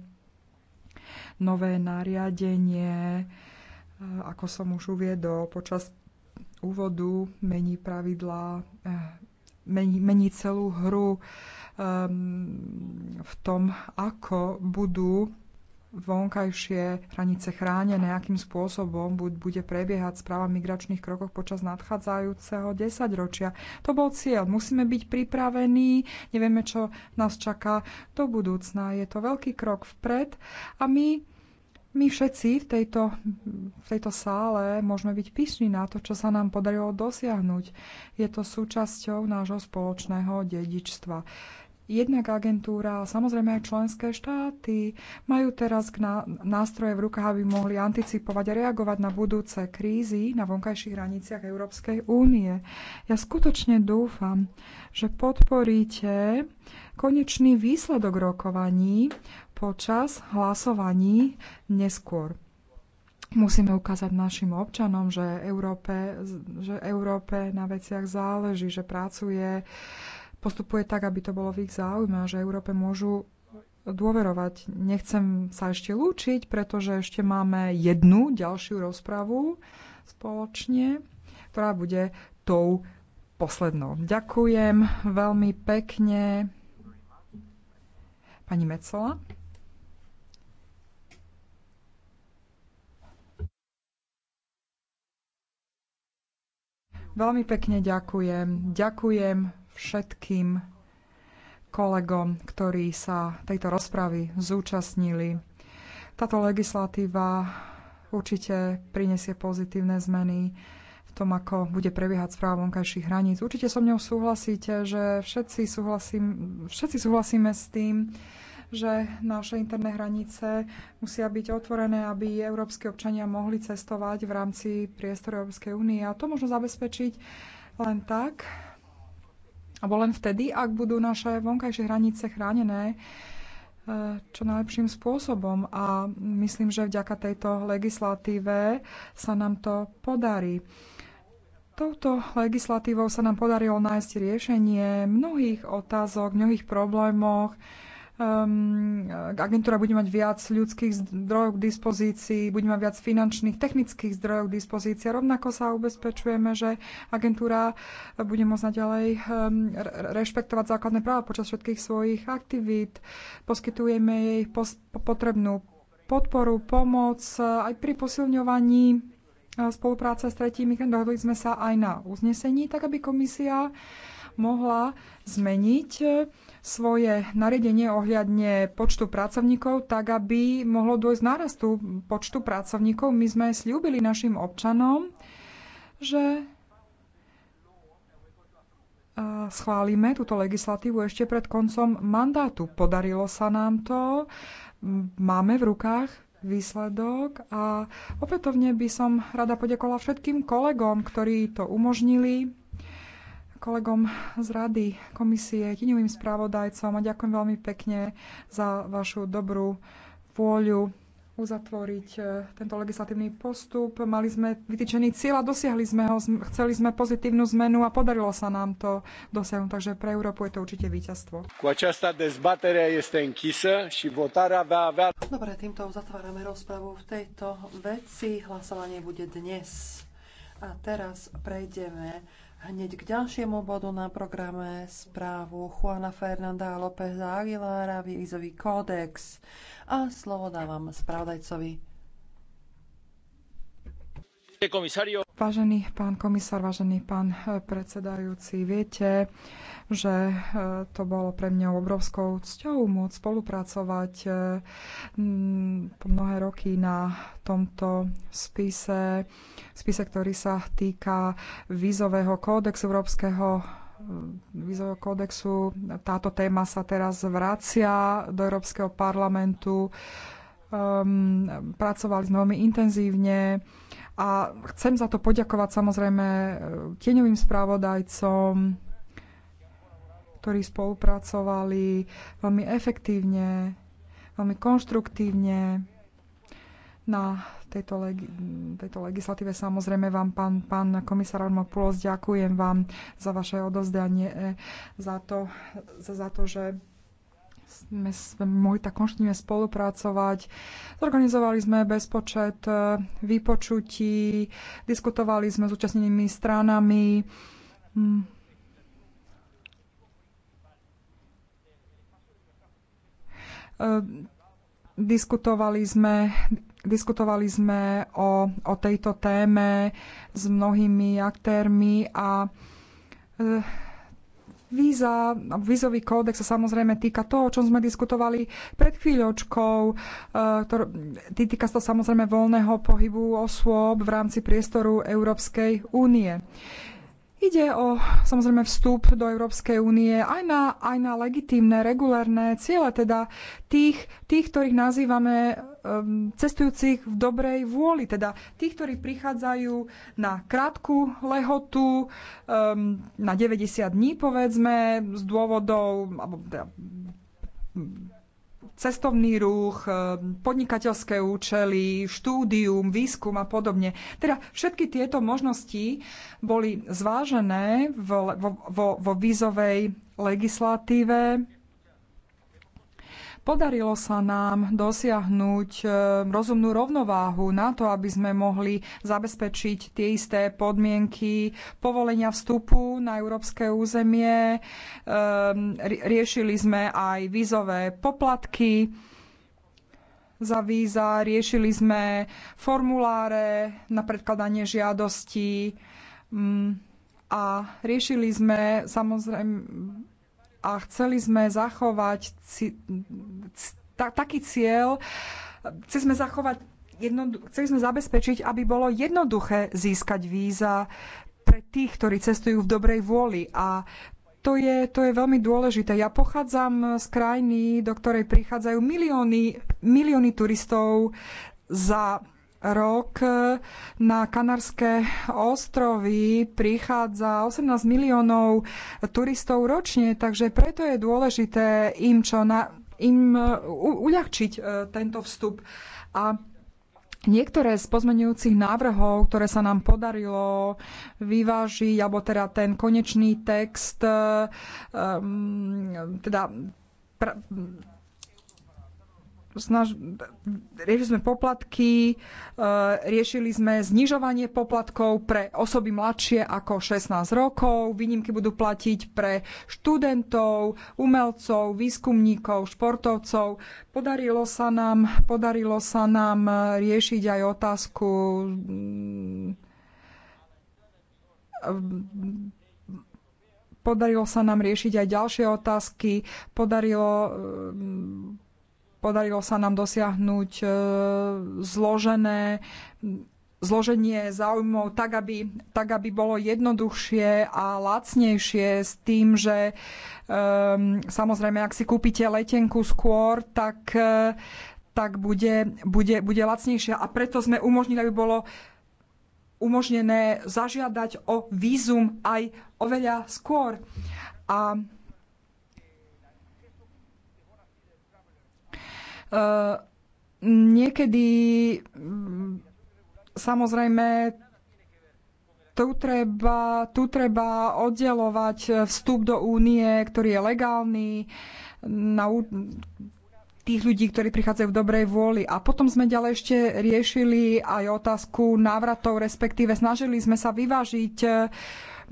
Speaker 5: Nové nariadenie, eh, ako som už uviedol počas úvodu, mení pravidlá, eh, mení, mení celú hru um, v tom, ako budú vonkajšie hranice chránené, akým spôsobom bude prebiehať správa migračných krokov počas nadchádzajúceho desaťročia. To bol cieľ. Musíme byť pripravení, nevieme, čo nás čaká do budúcna. Je to veľký krok vpred a my, my všetci v tejto, v tejto sále môžeme byť pyšní na to, čo sa nám podarilo dosiahnuť. Je to súčasťou nášho spoločného dedičstva jednak agentúra, ale samozrejme aj členské štáty majú teraz nástroje v rukách, aby mohli anticipovať a reagovať na budúce krízy na vonkajších hraniciach Európskej únie. Ja skutočne dúfam, že podporíte konečný výsledok rokovaní počas hlasovaní neskôr musíme ukázať našim občanom, že Európe, že Európe na veciach záleží, že pracuje postupuje tak, aby to bolo v ich záujme, že Európe môžu dôverovať. Nechcem sa ešte lúčiť, pretože ešte máme jednu ďalšiu rozpravu spoločne, ktorá bude tou poslednou. Ďakujem veľmi pekne. Pani Mecola. Veľmi pekne ďakujem. Ďakujem všetkým kolegom, ktorí sa tejto rozpravy zúčastnili. Táto legislatíva určite prinesie pozitívne zmeny v tom, ako bude prebiehať správa vonkajších hraníc. Určite so mnou súhlasíte, že všetci, súhlasím, všetci súhlasíme s tým, že naše interné hranice musia byť otvorené, aby európske občania mohli cestovať v rámci priestoru Európskej únie. A to možno zabezpečiť len tak, Abo len vtedy, ak budú naše vonkajšie hranice chránené e, čo najlepším spôsobom. A myslím, že vďaka tejto legislatíve sa nám to podarí. Touto legislatívou sa nám podarilo nájsť riešenie mnohých otázok, mnohých problémoch, um, agentúra bude mať viac ľudských zdrojov k dispozícii, bude mať viac finančných, technických zdrojov k dispozícii. Rovnako sa ubezpečujeme, že agentúra bude môcť naďalej um, rešpektovať základné práva počas všetkých svojich aktivít. Poskytujeme jej pos- potrebnú podporu, pomoc aj pri posilňovaní uh, spolupráce s tretími. Dohodli sme sa aj na uznesení, tak aby komisia mohla zmeniť e, svoje nariadenie ohľadne počtu pracovníkov, tak aby mohlo dôjsť nárastu počtu pracovníkov. My sme slúbili našim občanom, že e, schválime túto legislatívu ešte pred koncom mandátu. Podarilo sa nám to, máme v rukách výsledok a opätovne by som rada poďakovala všetkým kolegom, ktorí to umožnili kolegom z Rady komisie, tíňovým správodajcom a ďakujem veľmi pekne za vašu dobrú vôľu uzatvoriť e, tento legislatívny postup. Mali sme vytýčený cieľ a dosiahli sme ho. Chceli sme pozitívnu zmenu a podarilo sa nám to dosiahnuť. Takže pre Európu je to určite víťazstvo.
Speaker 2: Dobre, týmto uzatvárame
Speaker 1: rozpravu v tejto veci. Hlasovanie bude dnes. A teraz prejdeme hneď k ďalšiemu bodu na programe správu Juana Fernanda Lópeza Aguilára, výzový kódex. A slovo dávam spravodajcovi. Komisario. Vážený pán komisár,
Speaker 5: vážený pán eh, predsedajúci, viete, že eh, to bolo pre mňa obrovskou cťou môcť spolupracovať eh, mm, mnohé roky na tomto spise, spise, ktorý sa týka vízového kódexu Európskeho vízového kódexu. Táto téma sa teraz vracia do Európskeho parlamentu. Um, pracovali sme veľmi intenzívne. A chcem za to poďakovať samozrejme e, tieňovým správodajcom, ktorí spolupracovali veľmi efektívne, veľmi konštruktívne na tejto, leg- tejto legislatíve. Samozrejme vám, pán, pán komisár Armopulos, ďakujem vám za vaše odozdanie, e, za to, za, za to že sme, sme mohli tak konštitutívne spolupracovať. Zorganizovali sme bezpočet e, vypočutí, diskutovali sme s účastnenými stranami. Hm. E, diskutovali sme, diskutovali sme o, o tejto téme s mnohými aktérmi a e, Víza, vízový kódex sa samozrejme týka toho, o čom sme diskutovali pred chvíľočkou. Ktorý, e, týka sa to samozrejme voľného pohybu osôb v rámci priestoru Európskej únie. Ide o samozrejme vstup do Európskej únie aj na, aj na legitímne, regulárne ciele, teda tých, tých ktorých nazývame um, cestujúcich v dobrej vôli, teda tých, ktorí prichádzajú na krátku lehotu, um, na 90 dní povedzme, z dôvodov, alebo teda, cestovný ruch, eh, podnikateľské účely, štúdium, výskum a podobne. Teda všetky tieto možnosti boli zvážené vo, vo, vo vízovej legislatíve Podarilo sa nám dosiahnuť e, rozumnú rovnováhu na to, aby sme mohli zabezpečiť tie isté podmienky povolenia vstupu na európske územie. E, riešili sme aj vízové poplatky za víza, riešili sme formuláre na predkladanie žiadostí mm, a riešili sme samozrejme a chceli sme zachovať taký cieľ, chceli sme zachovať chceli sme zabezpečiť, aby bolo jednoduché získať víza pre tých, ktorí cestujú v dobrej vôli. A to je, to je veľmi dôležité. Ja pochádzam z krajiny, do ktorej prichádzajú milióny, milióny turistov za rok na Kanárske ostrovy prichádza 18 miliónov turistov ročne, takže preto je dôležité im, čo na, im uľahčiť e, tento vstup. A Niektoré z pozmenujúcich návrhov, ktoré sa nám podarilo vyvážiť, alebo teda ten konečný text, e, teda snaž, riešili sme poplatky, e, riešili sme znižovanie poplatkov pre osoby mladšie ako 16 rokov, výnimky budú platiť pre študentov, umelcov, výskumníkov, športovcov. Podarilo sa nám, podarilo sa nám e, riešiť aj otázku mm, e, podarilo sa nám riešiť aj ďalšie otázky, podarilo Podarilo sa nám dosiahnuť e, zložené zloženie záujmov tak aby, tak, aby bolo jednoduchšie a lacnejšie s tým, že um, samozrejme, ak si kúpite letenku skôr, tak, uh, tak bude, bude, bude lacnejšia. A preto sme umožnili, aby bolo umožnené zažiadať o vízum aj oveľa skôr. A Eh, niekedy mm, samozrejme tu treba, tu treba oddelovať vstup do únie, ktorý je legálny, mm, na, tých ľudí, ktorí prichádzajú v dobrej vôli. A potom sme ďalej ešte riešili aj otázku návratov, respektíve snažili sme sa vyvážiť eh,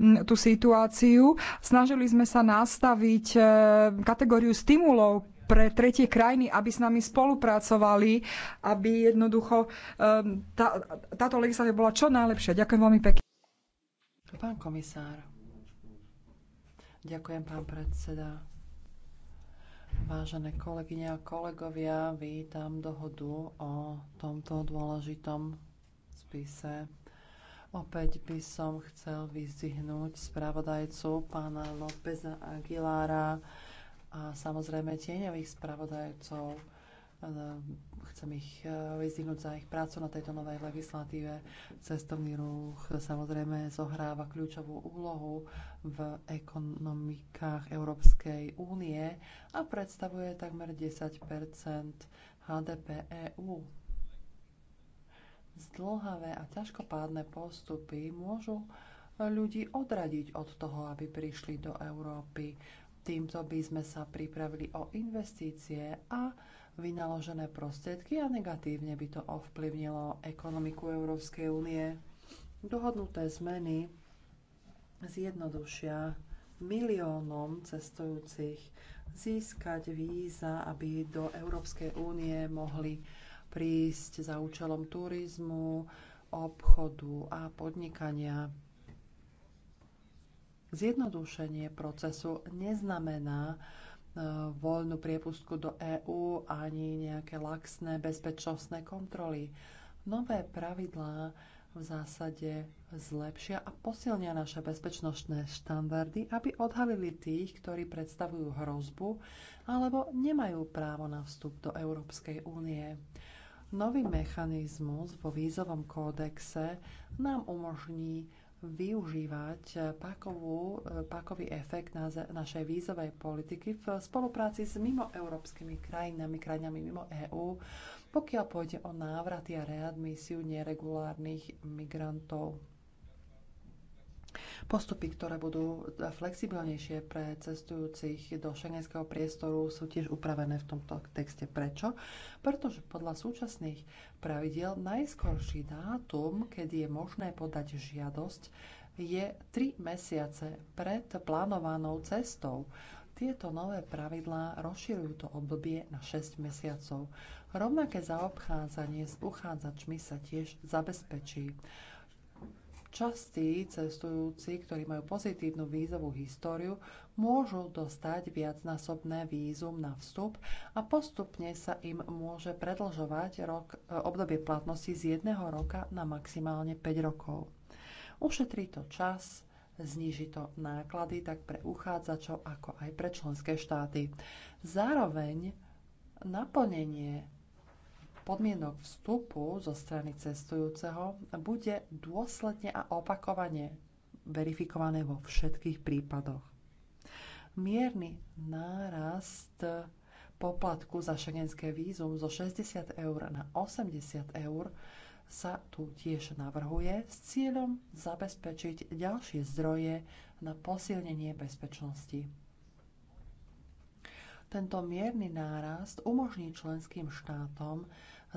Speaker 5: mm, tú situáciu. Snažili sme sa nastaviť eh, kategóriu stimulov pre tretie krajiny, aby s nami spolupracovali, aby jednoducho um, tá, táto legislatíva bola čo najlepšia. Ďakujem veľmi pekne.
Speaker 1: Pán komisár. Ďakujem, pán predseda. Vážené kolegyne a kolegovia, vítam dohodu o tomto dôležitom spise. Opäť by som chcel vyzdihnúť spravodajcu pána Lópeza Aguilára, a samozrejme tieňových spravodajcov. E, chcem ich e, vyzdvihnúť za ich prácu na tejto novej legislatíve. Cestovný ruch samozrejme zohráva kľúčovú úlohu v ekonomikách Európskej únie a predstavuje takmer 10 HDP EÚ. Zdlhavé a ťažkopádne postupy môžu ľudí odradiť od toho, aby prišli do Európy. Týmto by sme sa pripravili o investície a vynaložené prostriedky a negatívne by to ovplyvnilo ekonomiku Európskej únie. Dohodnuté zmeny zjednodušia miliónom cestujúcich získať víza, aby do Európskej únie mohli prísť za účelom turizmu, obchodu a podnikania. Zjednodušenie procesu neznamená e, voľnú priepustku do EÚ ani nejaké laxné bezpečnostné kontroly. Nové pravidlá v zásade zlepšia a posilnia naše bezpečnostné štandardy, aby odhalili tých, ktorí predstavujú hrozbu alebo nemajú právo na vstup do Európskej únie. Nový mechanizmus vo vízovom kódexe nám umožní využívať pákovú, pákový efekt na našej vízovej politiky v spolupráci s mimoeurópskymi krajinami, krajinami mimo EÚ, pokiaľ pôjde o návraty a readmisiu neregulárnych migrantov. Postupy, ktoré budú flexibilnejšie pre cestujúcich do šengenského priestoru, sú tiež upravené v tomto texte. Prečo? Pretože podľa súčasných pravidiel najskorší dátum, kedy je možné podať žiadosť, je 3 mesiace pred plánovanou cestou. Tieto nové pravidlá rozširujú to obdobie na 6 mesiacov. Rovnaké zaobchádzanie s uchádzačmi sa tiež zabezpečí. Častí cestujúci, ktorí majú pozitívnu vízovú históriu, môžu dostať viacnásobné vízum na vstup a postupne sa im môže predlžovať rok, e, obdobie platnosti z jedného roka na maximálne 5 rokov. Ušetrí to čas, zníži to náklady tak pre uchádzačov, ako aj pre členské štáty. Zároveň naplnenie podmienok vstupu zo strany cestujúceho bude dôsledne a opakovane verifikované vo všetkých prípadoch. Mierny nárast poplatku za šengenské vízum zo 60 eur na 80 eur sa tu tiež navrhuje s cieľom zabezpečiť ďalšie zdroje na posilnenie bezpečnosti. Tento mierny nárast umožní členským štátom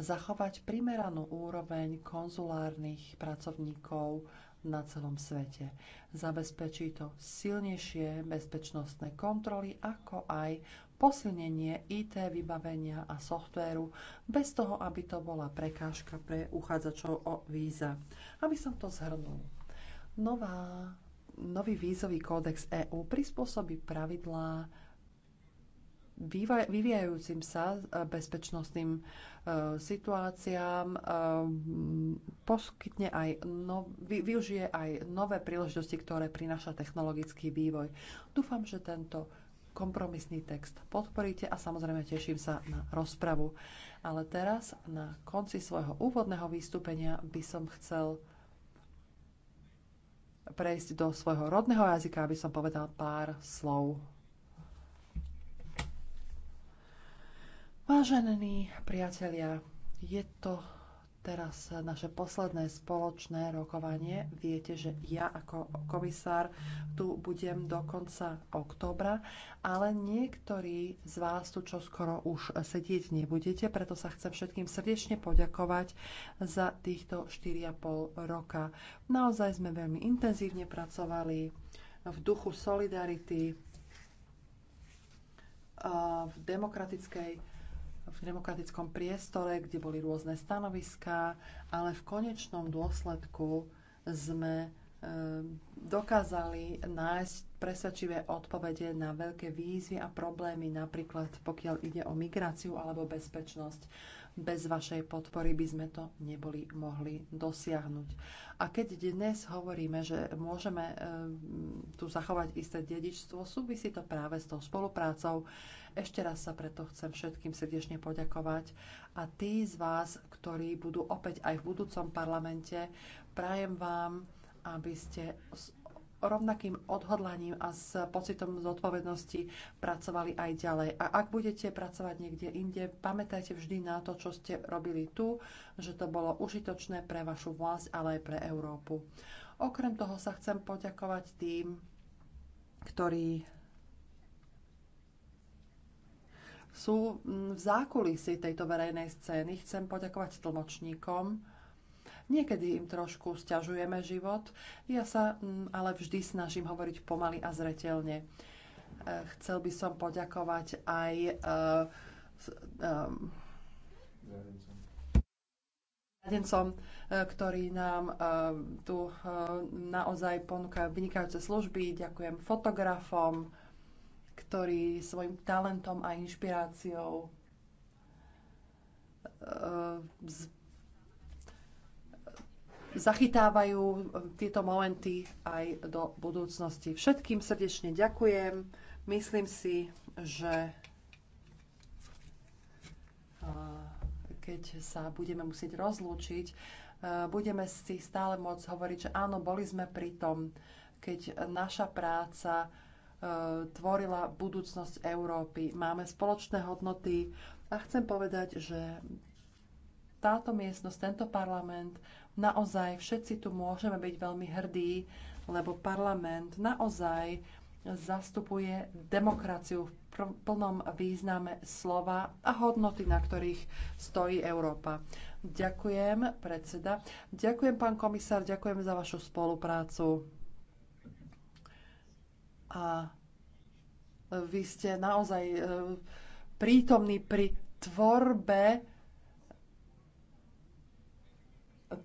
Speaker 1: zachovať primeranú úroveň konzulárnych pracovníkov na celom svete. Zabezpečí to silnejšie bezpečnostné kontroly, ako aj posilnenie IT vybavenia a softvéru, bez toho, aby to bola prekážka pre uchádzačov o víza. Aby som to zhrnul. Nová, nový vízový kódex EÚ prispôsobí pravidlá vyvíjajúcim sa e, bezpečnostným e, situáciám, e, poskytne aj no, využije aj nové príležitosti, ktoré prináša technologický vývoj. Dúfam, že tento kompromisný text podporíte a samozrejme teším sa na rozpravu. Ale teraz na konci svojho úvodného vystúpenia by som chcel prejsť do svojho rodného jazyka, aby som povedal pár slov Vážení priatelia, je to teraz naše posledné spoločné rokovanie. Viete, že ja ako komisár tu budem do konca októbra, ale niektorí z vás tu čo skoro už sedieť nebudete, preto sa chcem všetkým srdečne poďakovať za týchto 4,5 roka. Naozaj sme veľmi intenzívne pracovali v duchu solidarity, v demokratickej v demokratickom priestore, kde boli rôzne stanoviská, ale v konečnom dôsledku sme eh, dokázali nájsť presvedčivé odpovede na veľké výzvy a problémy, napríklad pokiaľ ide o migráciu alebo bezpečnosť. Bez vašej podpory by sme to neboli mohli dosiahnuť. A keď dnes hovoríme, že môžeme e, tu zachovať isté dedičstvo, súvisí to práve s tou spoluprácou. Ešte raz sa preto chcem všetkým srdečne poďakovať a tí z vás, ktorí budú opäť aj v budúcom parlamente, prajem vám, aby ste rovnakým odhodlaním a s pocitom zodpovednosti pracovali aj ďalej. A ak budete pracovať niekde inde, pamätajte vždy na to, čo ste robili tu, že to bolo užitočné pre vašu vlast, ale aj pre Európu. Okrem toho sa chcem poďakovať tým, ktorí sú v zákulisi tejto verejnej scény. Chcem poďakovať tlmočníkom, Niekedy im trošku stiažujeme život, ja sa mm, ale vždy snažím hovoriť pomaly a zretelne. E, chcel by som poďakovať aj e, e, radencom, ktorí nám tu naozaj ponúkajú vynikajúce služby. Ďakujem fotografom, ktorí svojim talentom a inšpiráciou zachytávajú eh, tieto momenty aj do budúcnosti. Všetkým srdečne ďakujem. Myslím si, že eh, keď sa budeme musieť rozlúčiť, eh, budeme si stále môcť hovoriť, že áno, boli sme pri tom, keď naša práca tvorila budúcnosť Európy. Máme spoločné hodnoty a chcem povedať, že táto miestnosť, tento parlament Naozaj všetci tu môžeme byť veľmi hrdí, lebo parlament naozaj zastupuje demokraciu v plnom význame slova a hodnoty, na ktorých stojí Európa. Ďakujem, predseda. Ďakujem, pán komisár, ďakujem za vašu spoluprácu. A vy ste naozaj e, prítomní pri tvorbe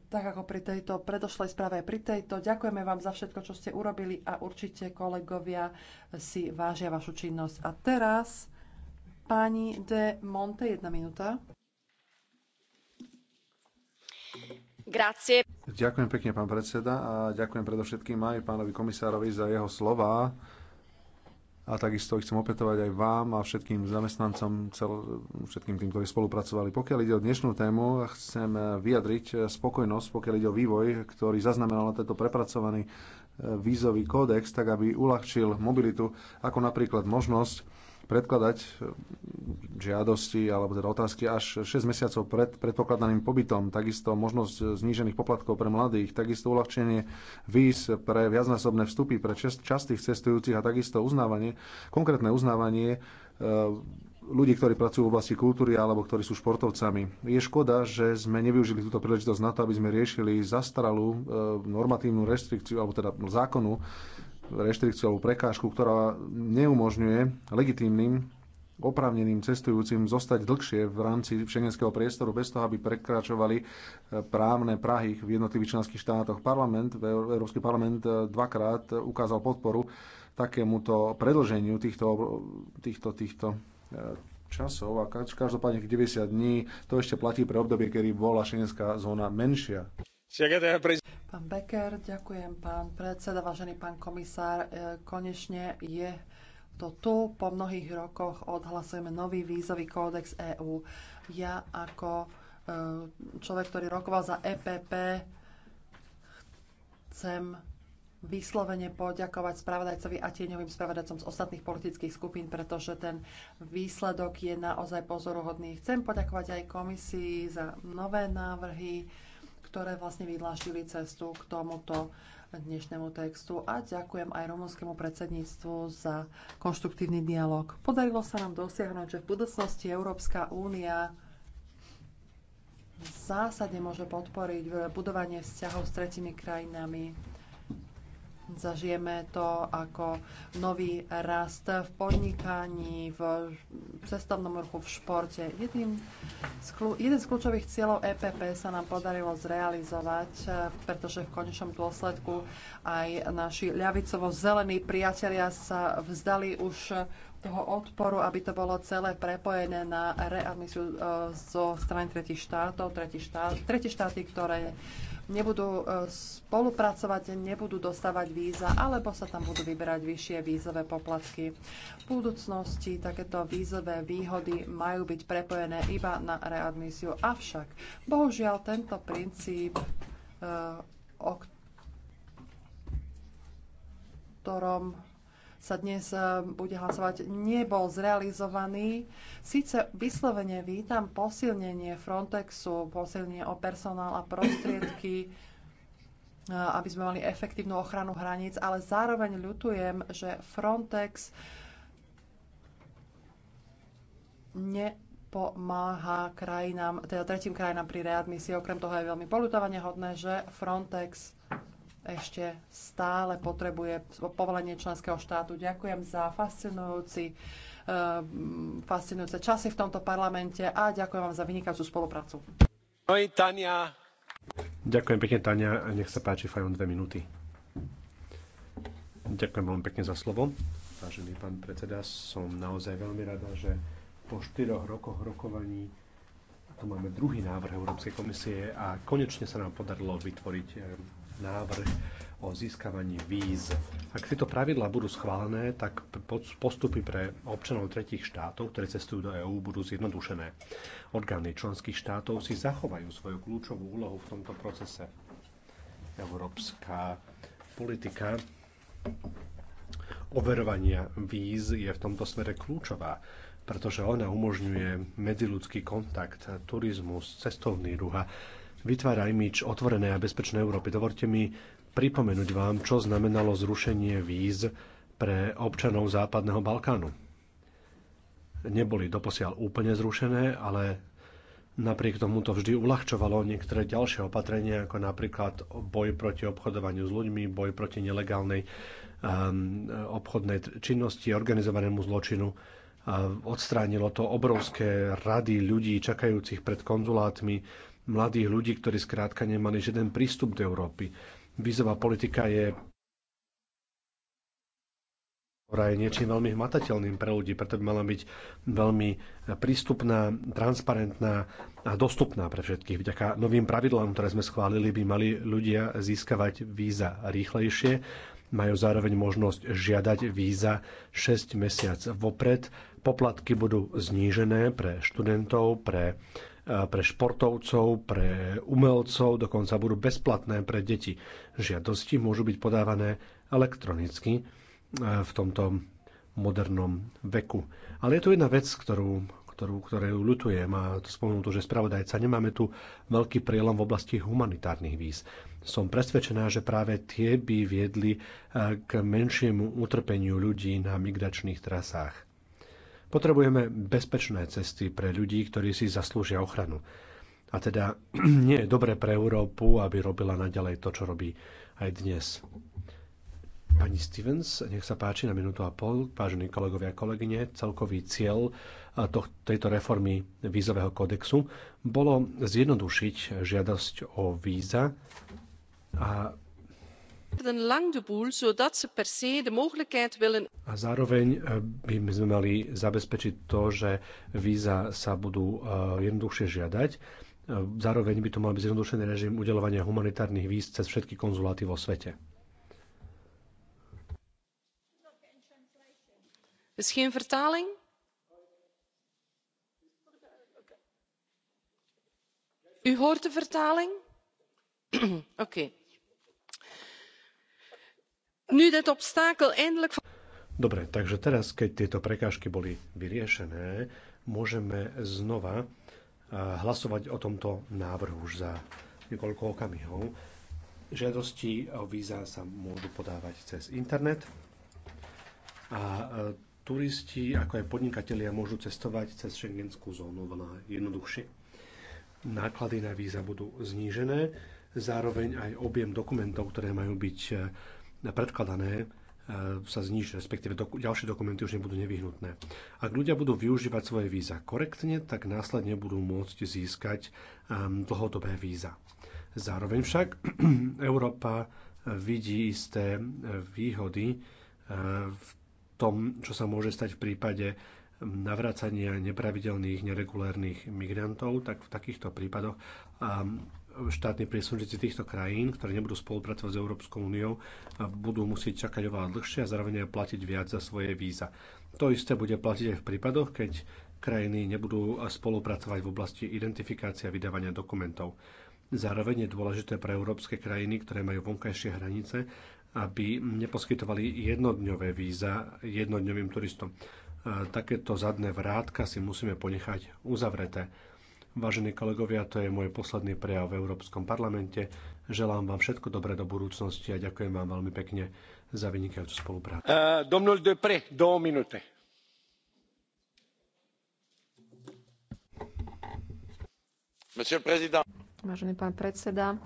Speaker 1: tak ako pri tejto predošlej správe, pri tejto. Ďakujeme vám za všetko, čo ste urobili a určite kolegovia si vážia vašu činnosť. A teraz pani de Monte, jedna minúta.
Speaker 3: Grazie.
Speaker 4: Ďakujem pekne, pán predseda, a ďakujem predovšetkým aj pánovi komisárovi za jeho slova a takisto chcem opätovať aj vám a všetkým zamestnancom, cel, všetkým tým, ktorí spolupracovali. Pokiaľ ide o dnešnú tému, chcem vyjadriť spokojnosť, pokiaľ ide o vývoj, ktorý zaznamenal na tento prepracovaný e, vízový kódex, tak aby uľahčil mobilitu, ako napríklad možnosť predkladať eh, žiadosti alebo teda otázky až 6 mesiacov pred predpokladaným pobytom, takisto možnosť eh, znížených poplatkov pre mladých, takisto uľahčenie víz pre viacnásobné vstupy pre častých cestujúcich a takisto uznávanie, konkrétne uznávanie eh, ľudí, ktorí pracujú v oblasti kultúry alebo ktorí sú športovcami. Je škoda, že sme nevyužili túto príležitosť na to, aby sme riešili zastaralú normatívnu restrikciu alebo teda zákonu, reštrikciu alebo prekážku, ktorá neumožňuje legitímnym oprávneným cestujúcim zostať dlhšie v rámci šengenského priestoru bez toho, aby prekračovali e, právne prahy v jednotlivých členských štátoch. Parlament, Európsky parlament e, dvakrát ukázal podporu takémuto predlženiu týchto, týchto, týchto e, časov a každopádne 90 dní to ešte platí pre obdobie, kedy bola šengenská zóna menšia.
Speaker 1: Pán Becker, ďakujem, pán predseda, vážený pán komisár. E, konečne je to tu. Po mnohých rokoch odhlasujeme nový vízový kódex EÚ. Ja ako e, človek, ktorý rokoval za EPP, chcem vyslovene poďakovať spravodajcovi a tieňovým spravodajcom z ostatných politických skupín, pretože ten výsledok je naozaj pozoruhodný. Chcem poďakovať aj komisii za nové návrhy, ktoré vlastne vydláždili cestu k tomuto dnešnému textu a ďakujem aj rumunskému predsedníctvu za konštruktívny dialog. Podarilo sa nám dosiahnuť, že v budúcnosti Európska únia zásadne môže podporiť budovanie vzťahov s tretimi krajinami Zažijeme to ako nový rast v podnikaní, v cestovnom ruchu, v športe. Jedným z jeden z kľúčových cieľov EPP sa nám podarilo zrealizovať, pretože v konečnom dôsledku aj naši ľavicovo-zelení priatelia sa vzdali už toho odporu, aby to bolo celé prepojené na readmisiu e, zo strany tretich štátov, tretí, štát, tretí štáty, ktoré nebudú e, spolupracovať, nebudú dostávať víza, alebo sa tam budú vyberať vyššie vízové poplatky. V budúcnosti takéto vízové výhody majú byť prepojené iba na readmisiu. Avšak, bohužiaľ, tento princíp, e, o ktorom sa dnes e, bude hlasovať, nebol zrealizovaný. Sice vyslovene vítam posilnenie Frontexu, posilnenie o personál a prostriedky, e, aby sme mali efektívnu ochranu hraníc, ale zároveň ľutujem, že Frontex ne pomáha krajinám, teda tretím krajinám pri readmisii. Okrem toho je veľmi polutovanie hodné, že Frontex ešte stále potrebuje povolenie členského štátu. Ďakujem za fascinujúci, eh, fascinujúce časy v tomto parlamente a ďakujem vám za vynikajúcu spoluprácu.
Speaker 2: i Tania. Ďakujem pekne, Tania. a Nech sa páči, fajn dve minúty. Ďakujem veľmi pekne za slovo. Vážený pán predseda, som naozaj veľmi rada, že po štyroch rokoch rokovaní tu máme druhý návrh Európskej komisie a konečne sa nám podarilo vytvoriť eh, návrh o získavaní víz. Ak tieto pravidlá budú schválené, tak postupy pre občanov tretich štátov, ktorí cestujú do EÚ, budú zjednodušené. Orgány členských štátov si zachovajú svoju kľúčovú úlohu v tomto procese. Európska politika overovania víz je v tomto smere kľúčová, pretože ona umožňuje medziludský kontakt, turizmus, cestovný ruch vytvára imič otvorenej a bezpečnej Európy. Dovorte mi pripomenúť vám, čo znamenalo zrušenie víz pre občanov Západného Balkánu. Neboli doposiaľ úplne zrušené, ale napriek tomu to vždy uľahčovalo niektoré ďalšie opatrenia, ako napríklad boj proti obchodovaniu s ľuďmi, boj proti nelegálnej um, obchodnej činnosti, organizovanému zločinu. A odstránilo to obrovské rady ľudí čakajúcich pred konzulátmi, mladých ľudí, ktorí skrátka nemali žiaden prístup do Európy. Vízová politika je ktorá je niečím veľmi hmatateľným pre ľudí, preto by mala byť veľmi prístupná, transparentná a dostupná pre všetkých. Vďaka novým pravidlám, ktoré sme schválili, by mali ľudia získavať víza rýchlejšie. Majú zároveň možnosť žiadať víza 6 mesiac vopred. Poplatky budú znížené pre študentov, pre pre športovcov, pre umelcov, dokonca budú bezplatné pre deti. Žiadosti môžu byť podávané elektronicky e, v tomto modernom veku. Ale je tu jedna vec, ktorú, ktorú, ju ľutujem a to spomenul tu, že spravodajca, nemáme tu veľký prielom v oblasti humanitárnych víz. Som presvedčená, že práve tie by viedli e, k menšiemu utrpeniu ľudí na migračných trasách Potrebujeme bezpečné cesty pre ľudí, ktorí si zaslúžia ochranu. A teda (clears throat) nie je dobre pre Európu, aby robila naďalej to, čo robí aj dnes. Pani Stevens, nech sa páči na minútu a pol. Vážení kolegovia a kolegyne, celkový cieľ tejto reformy vízového kodexu bolo zjednodušiť žiadosť o víza a a zároveň eh, by sme mali zabezpečiť to, že víza sa budú eh, jednoduchšie žiadať. Eh, zároveň by to mal byť zjednodušený režim udelovania humanitárnych víz cez všetky konzuláty vo svete.
Speaker 1: Is geen vertaling?
Speaker 3: U hoort de vertaling? (clears throat) Oké. Okay.
Speaker 2: Dobre, takže teraz, keď tieto prekážky boli vyriešené, môžeme znova eh, hlasovať o tomto návrhu už za niekoľko okamihov. Žiadosti o víza sa môžu podávať cez internet a eh, turisti, ako aj podnikatelia, môžu cestovať cez šengenskú zónu veľa jednoduchšie. Náklady na víza budú znížené, zároveň aj objem dokumentov, ktoré majú byť eh, predkladané e, sa zniží, respektíve doku, ďalšie dokumenty už nebudú nevyhnutné. Ak ľudia budú využívať svoje víza korektne, tak následne budú môcť získať um, dlhodobé víza. Zároveň však (clears throat) Európa vidí isté e, výhody uh, v tom, čo sa môže stať v prípade navracania nepravidelných, neregulárnych migrantov, tak v takýchto prípadoch um, štátni príslušníci týchto krajín, ktoré nebudú spolupracovať s Európskou úniou, budú musieť čakať oveľa dlhšie a zároveň aj platiť viac za svoje víza. To isté bude platiť aj v prípadoch, keď krajiny nebudú spolupracovať v oblasti identifikácie a vydávania dokumentov. Zároveň je dôležité pre európske krajiny, ktoré majú vonkajšie hranice, aby neposkytovali jednodňové víza jednodňovým turistom. Takéto zadné vrátka si musíme ponechať uzavreté Vážení kolegovia, to je môj posledný prejav v Európskom parlamente. Želám vám všetko dobré do budúcnosti a ďakujem vám veľmi pekne za vynikajúcu spoluprácu. Uh, domnul Depre, do minúte.
Speaker 3: Vážený pán predseda,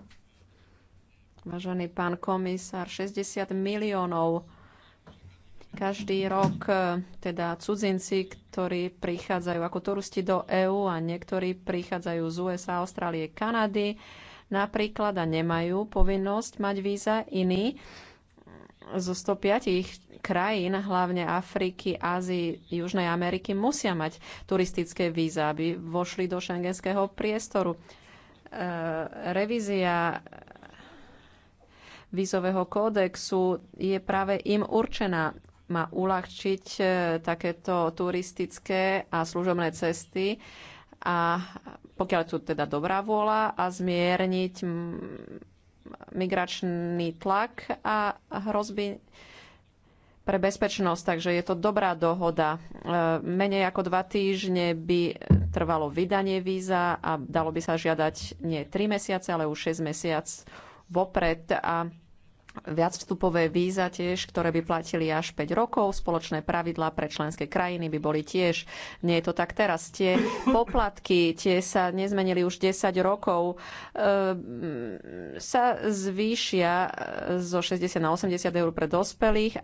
Speaker 3: vážený pán komisár, 60 miliónov každý rok e, teda cudzinci, ktorí prichádzajú ako turisti do EÚ a niektorí prichádzajú z USA, Austrálie, Kanady napríklad a nemajú povinnosť mať víza, iní zo 105 krajín, hlavne Afriky, Ázii, Južnej Ameriky, musia mať turistické víza, aby vošli do šengenského priestoru. E, revízia vízového kódexu je práve im určená má uľahčiť e, takéto turistické a služobné cesty a pokiaľ tu teda dobrá vôľa a zmierniť migračný tlak a hrozby pre bezpečnosť, takže je to dobrá dohoda. E, menej ako dva týždne by trvalo vydanie víza a dalo by sa žiadať nie 3 mesiace, ale už 6 mesiac vopred a viacvstupové víza tiež, ktoré by platili až 5 rokov. Spoločné pravidlá pre členské krajiny by boli tiež. Nie je to tak teraz. Tie poplatky, tie sa nezmenili už 10 rokov, ehm, sa zvýšia e, zo 60 na 80 eur pre dospelých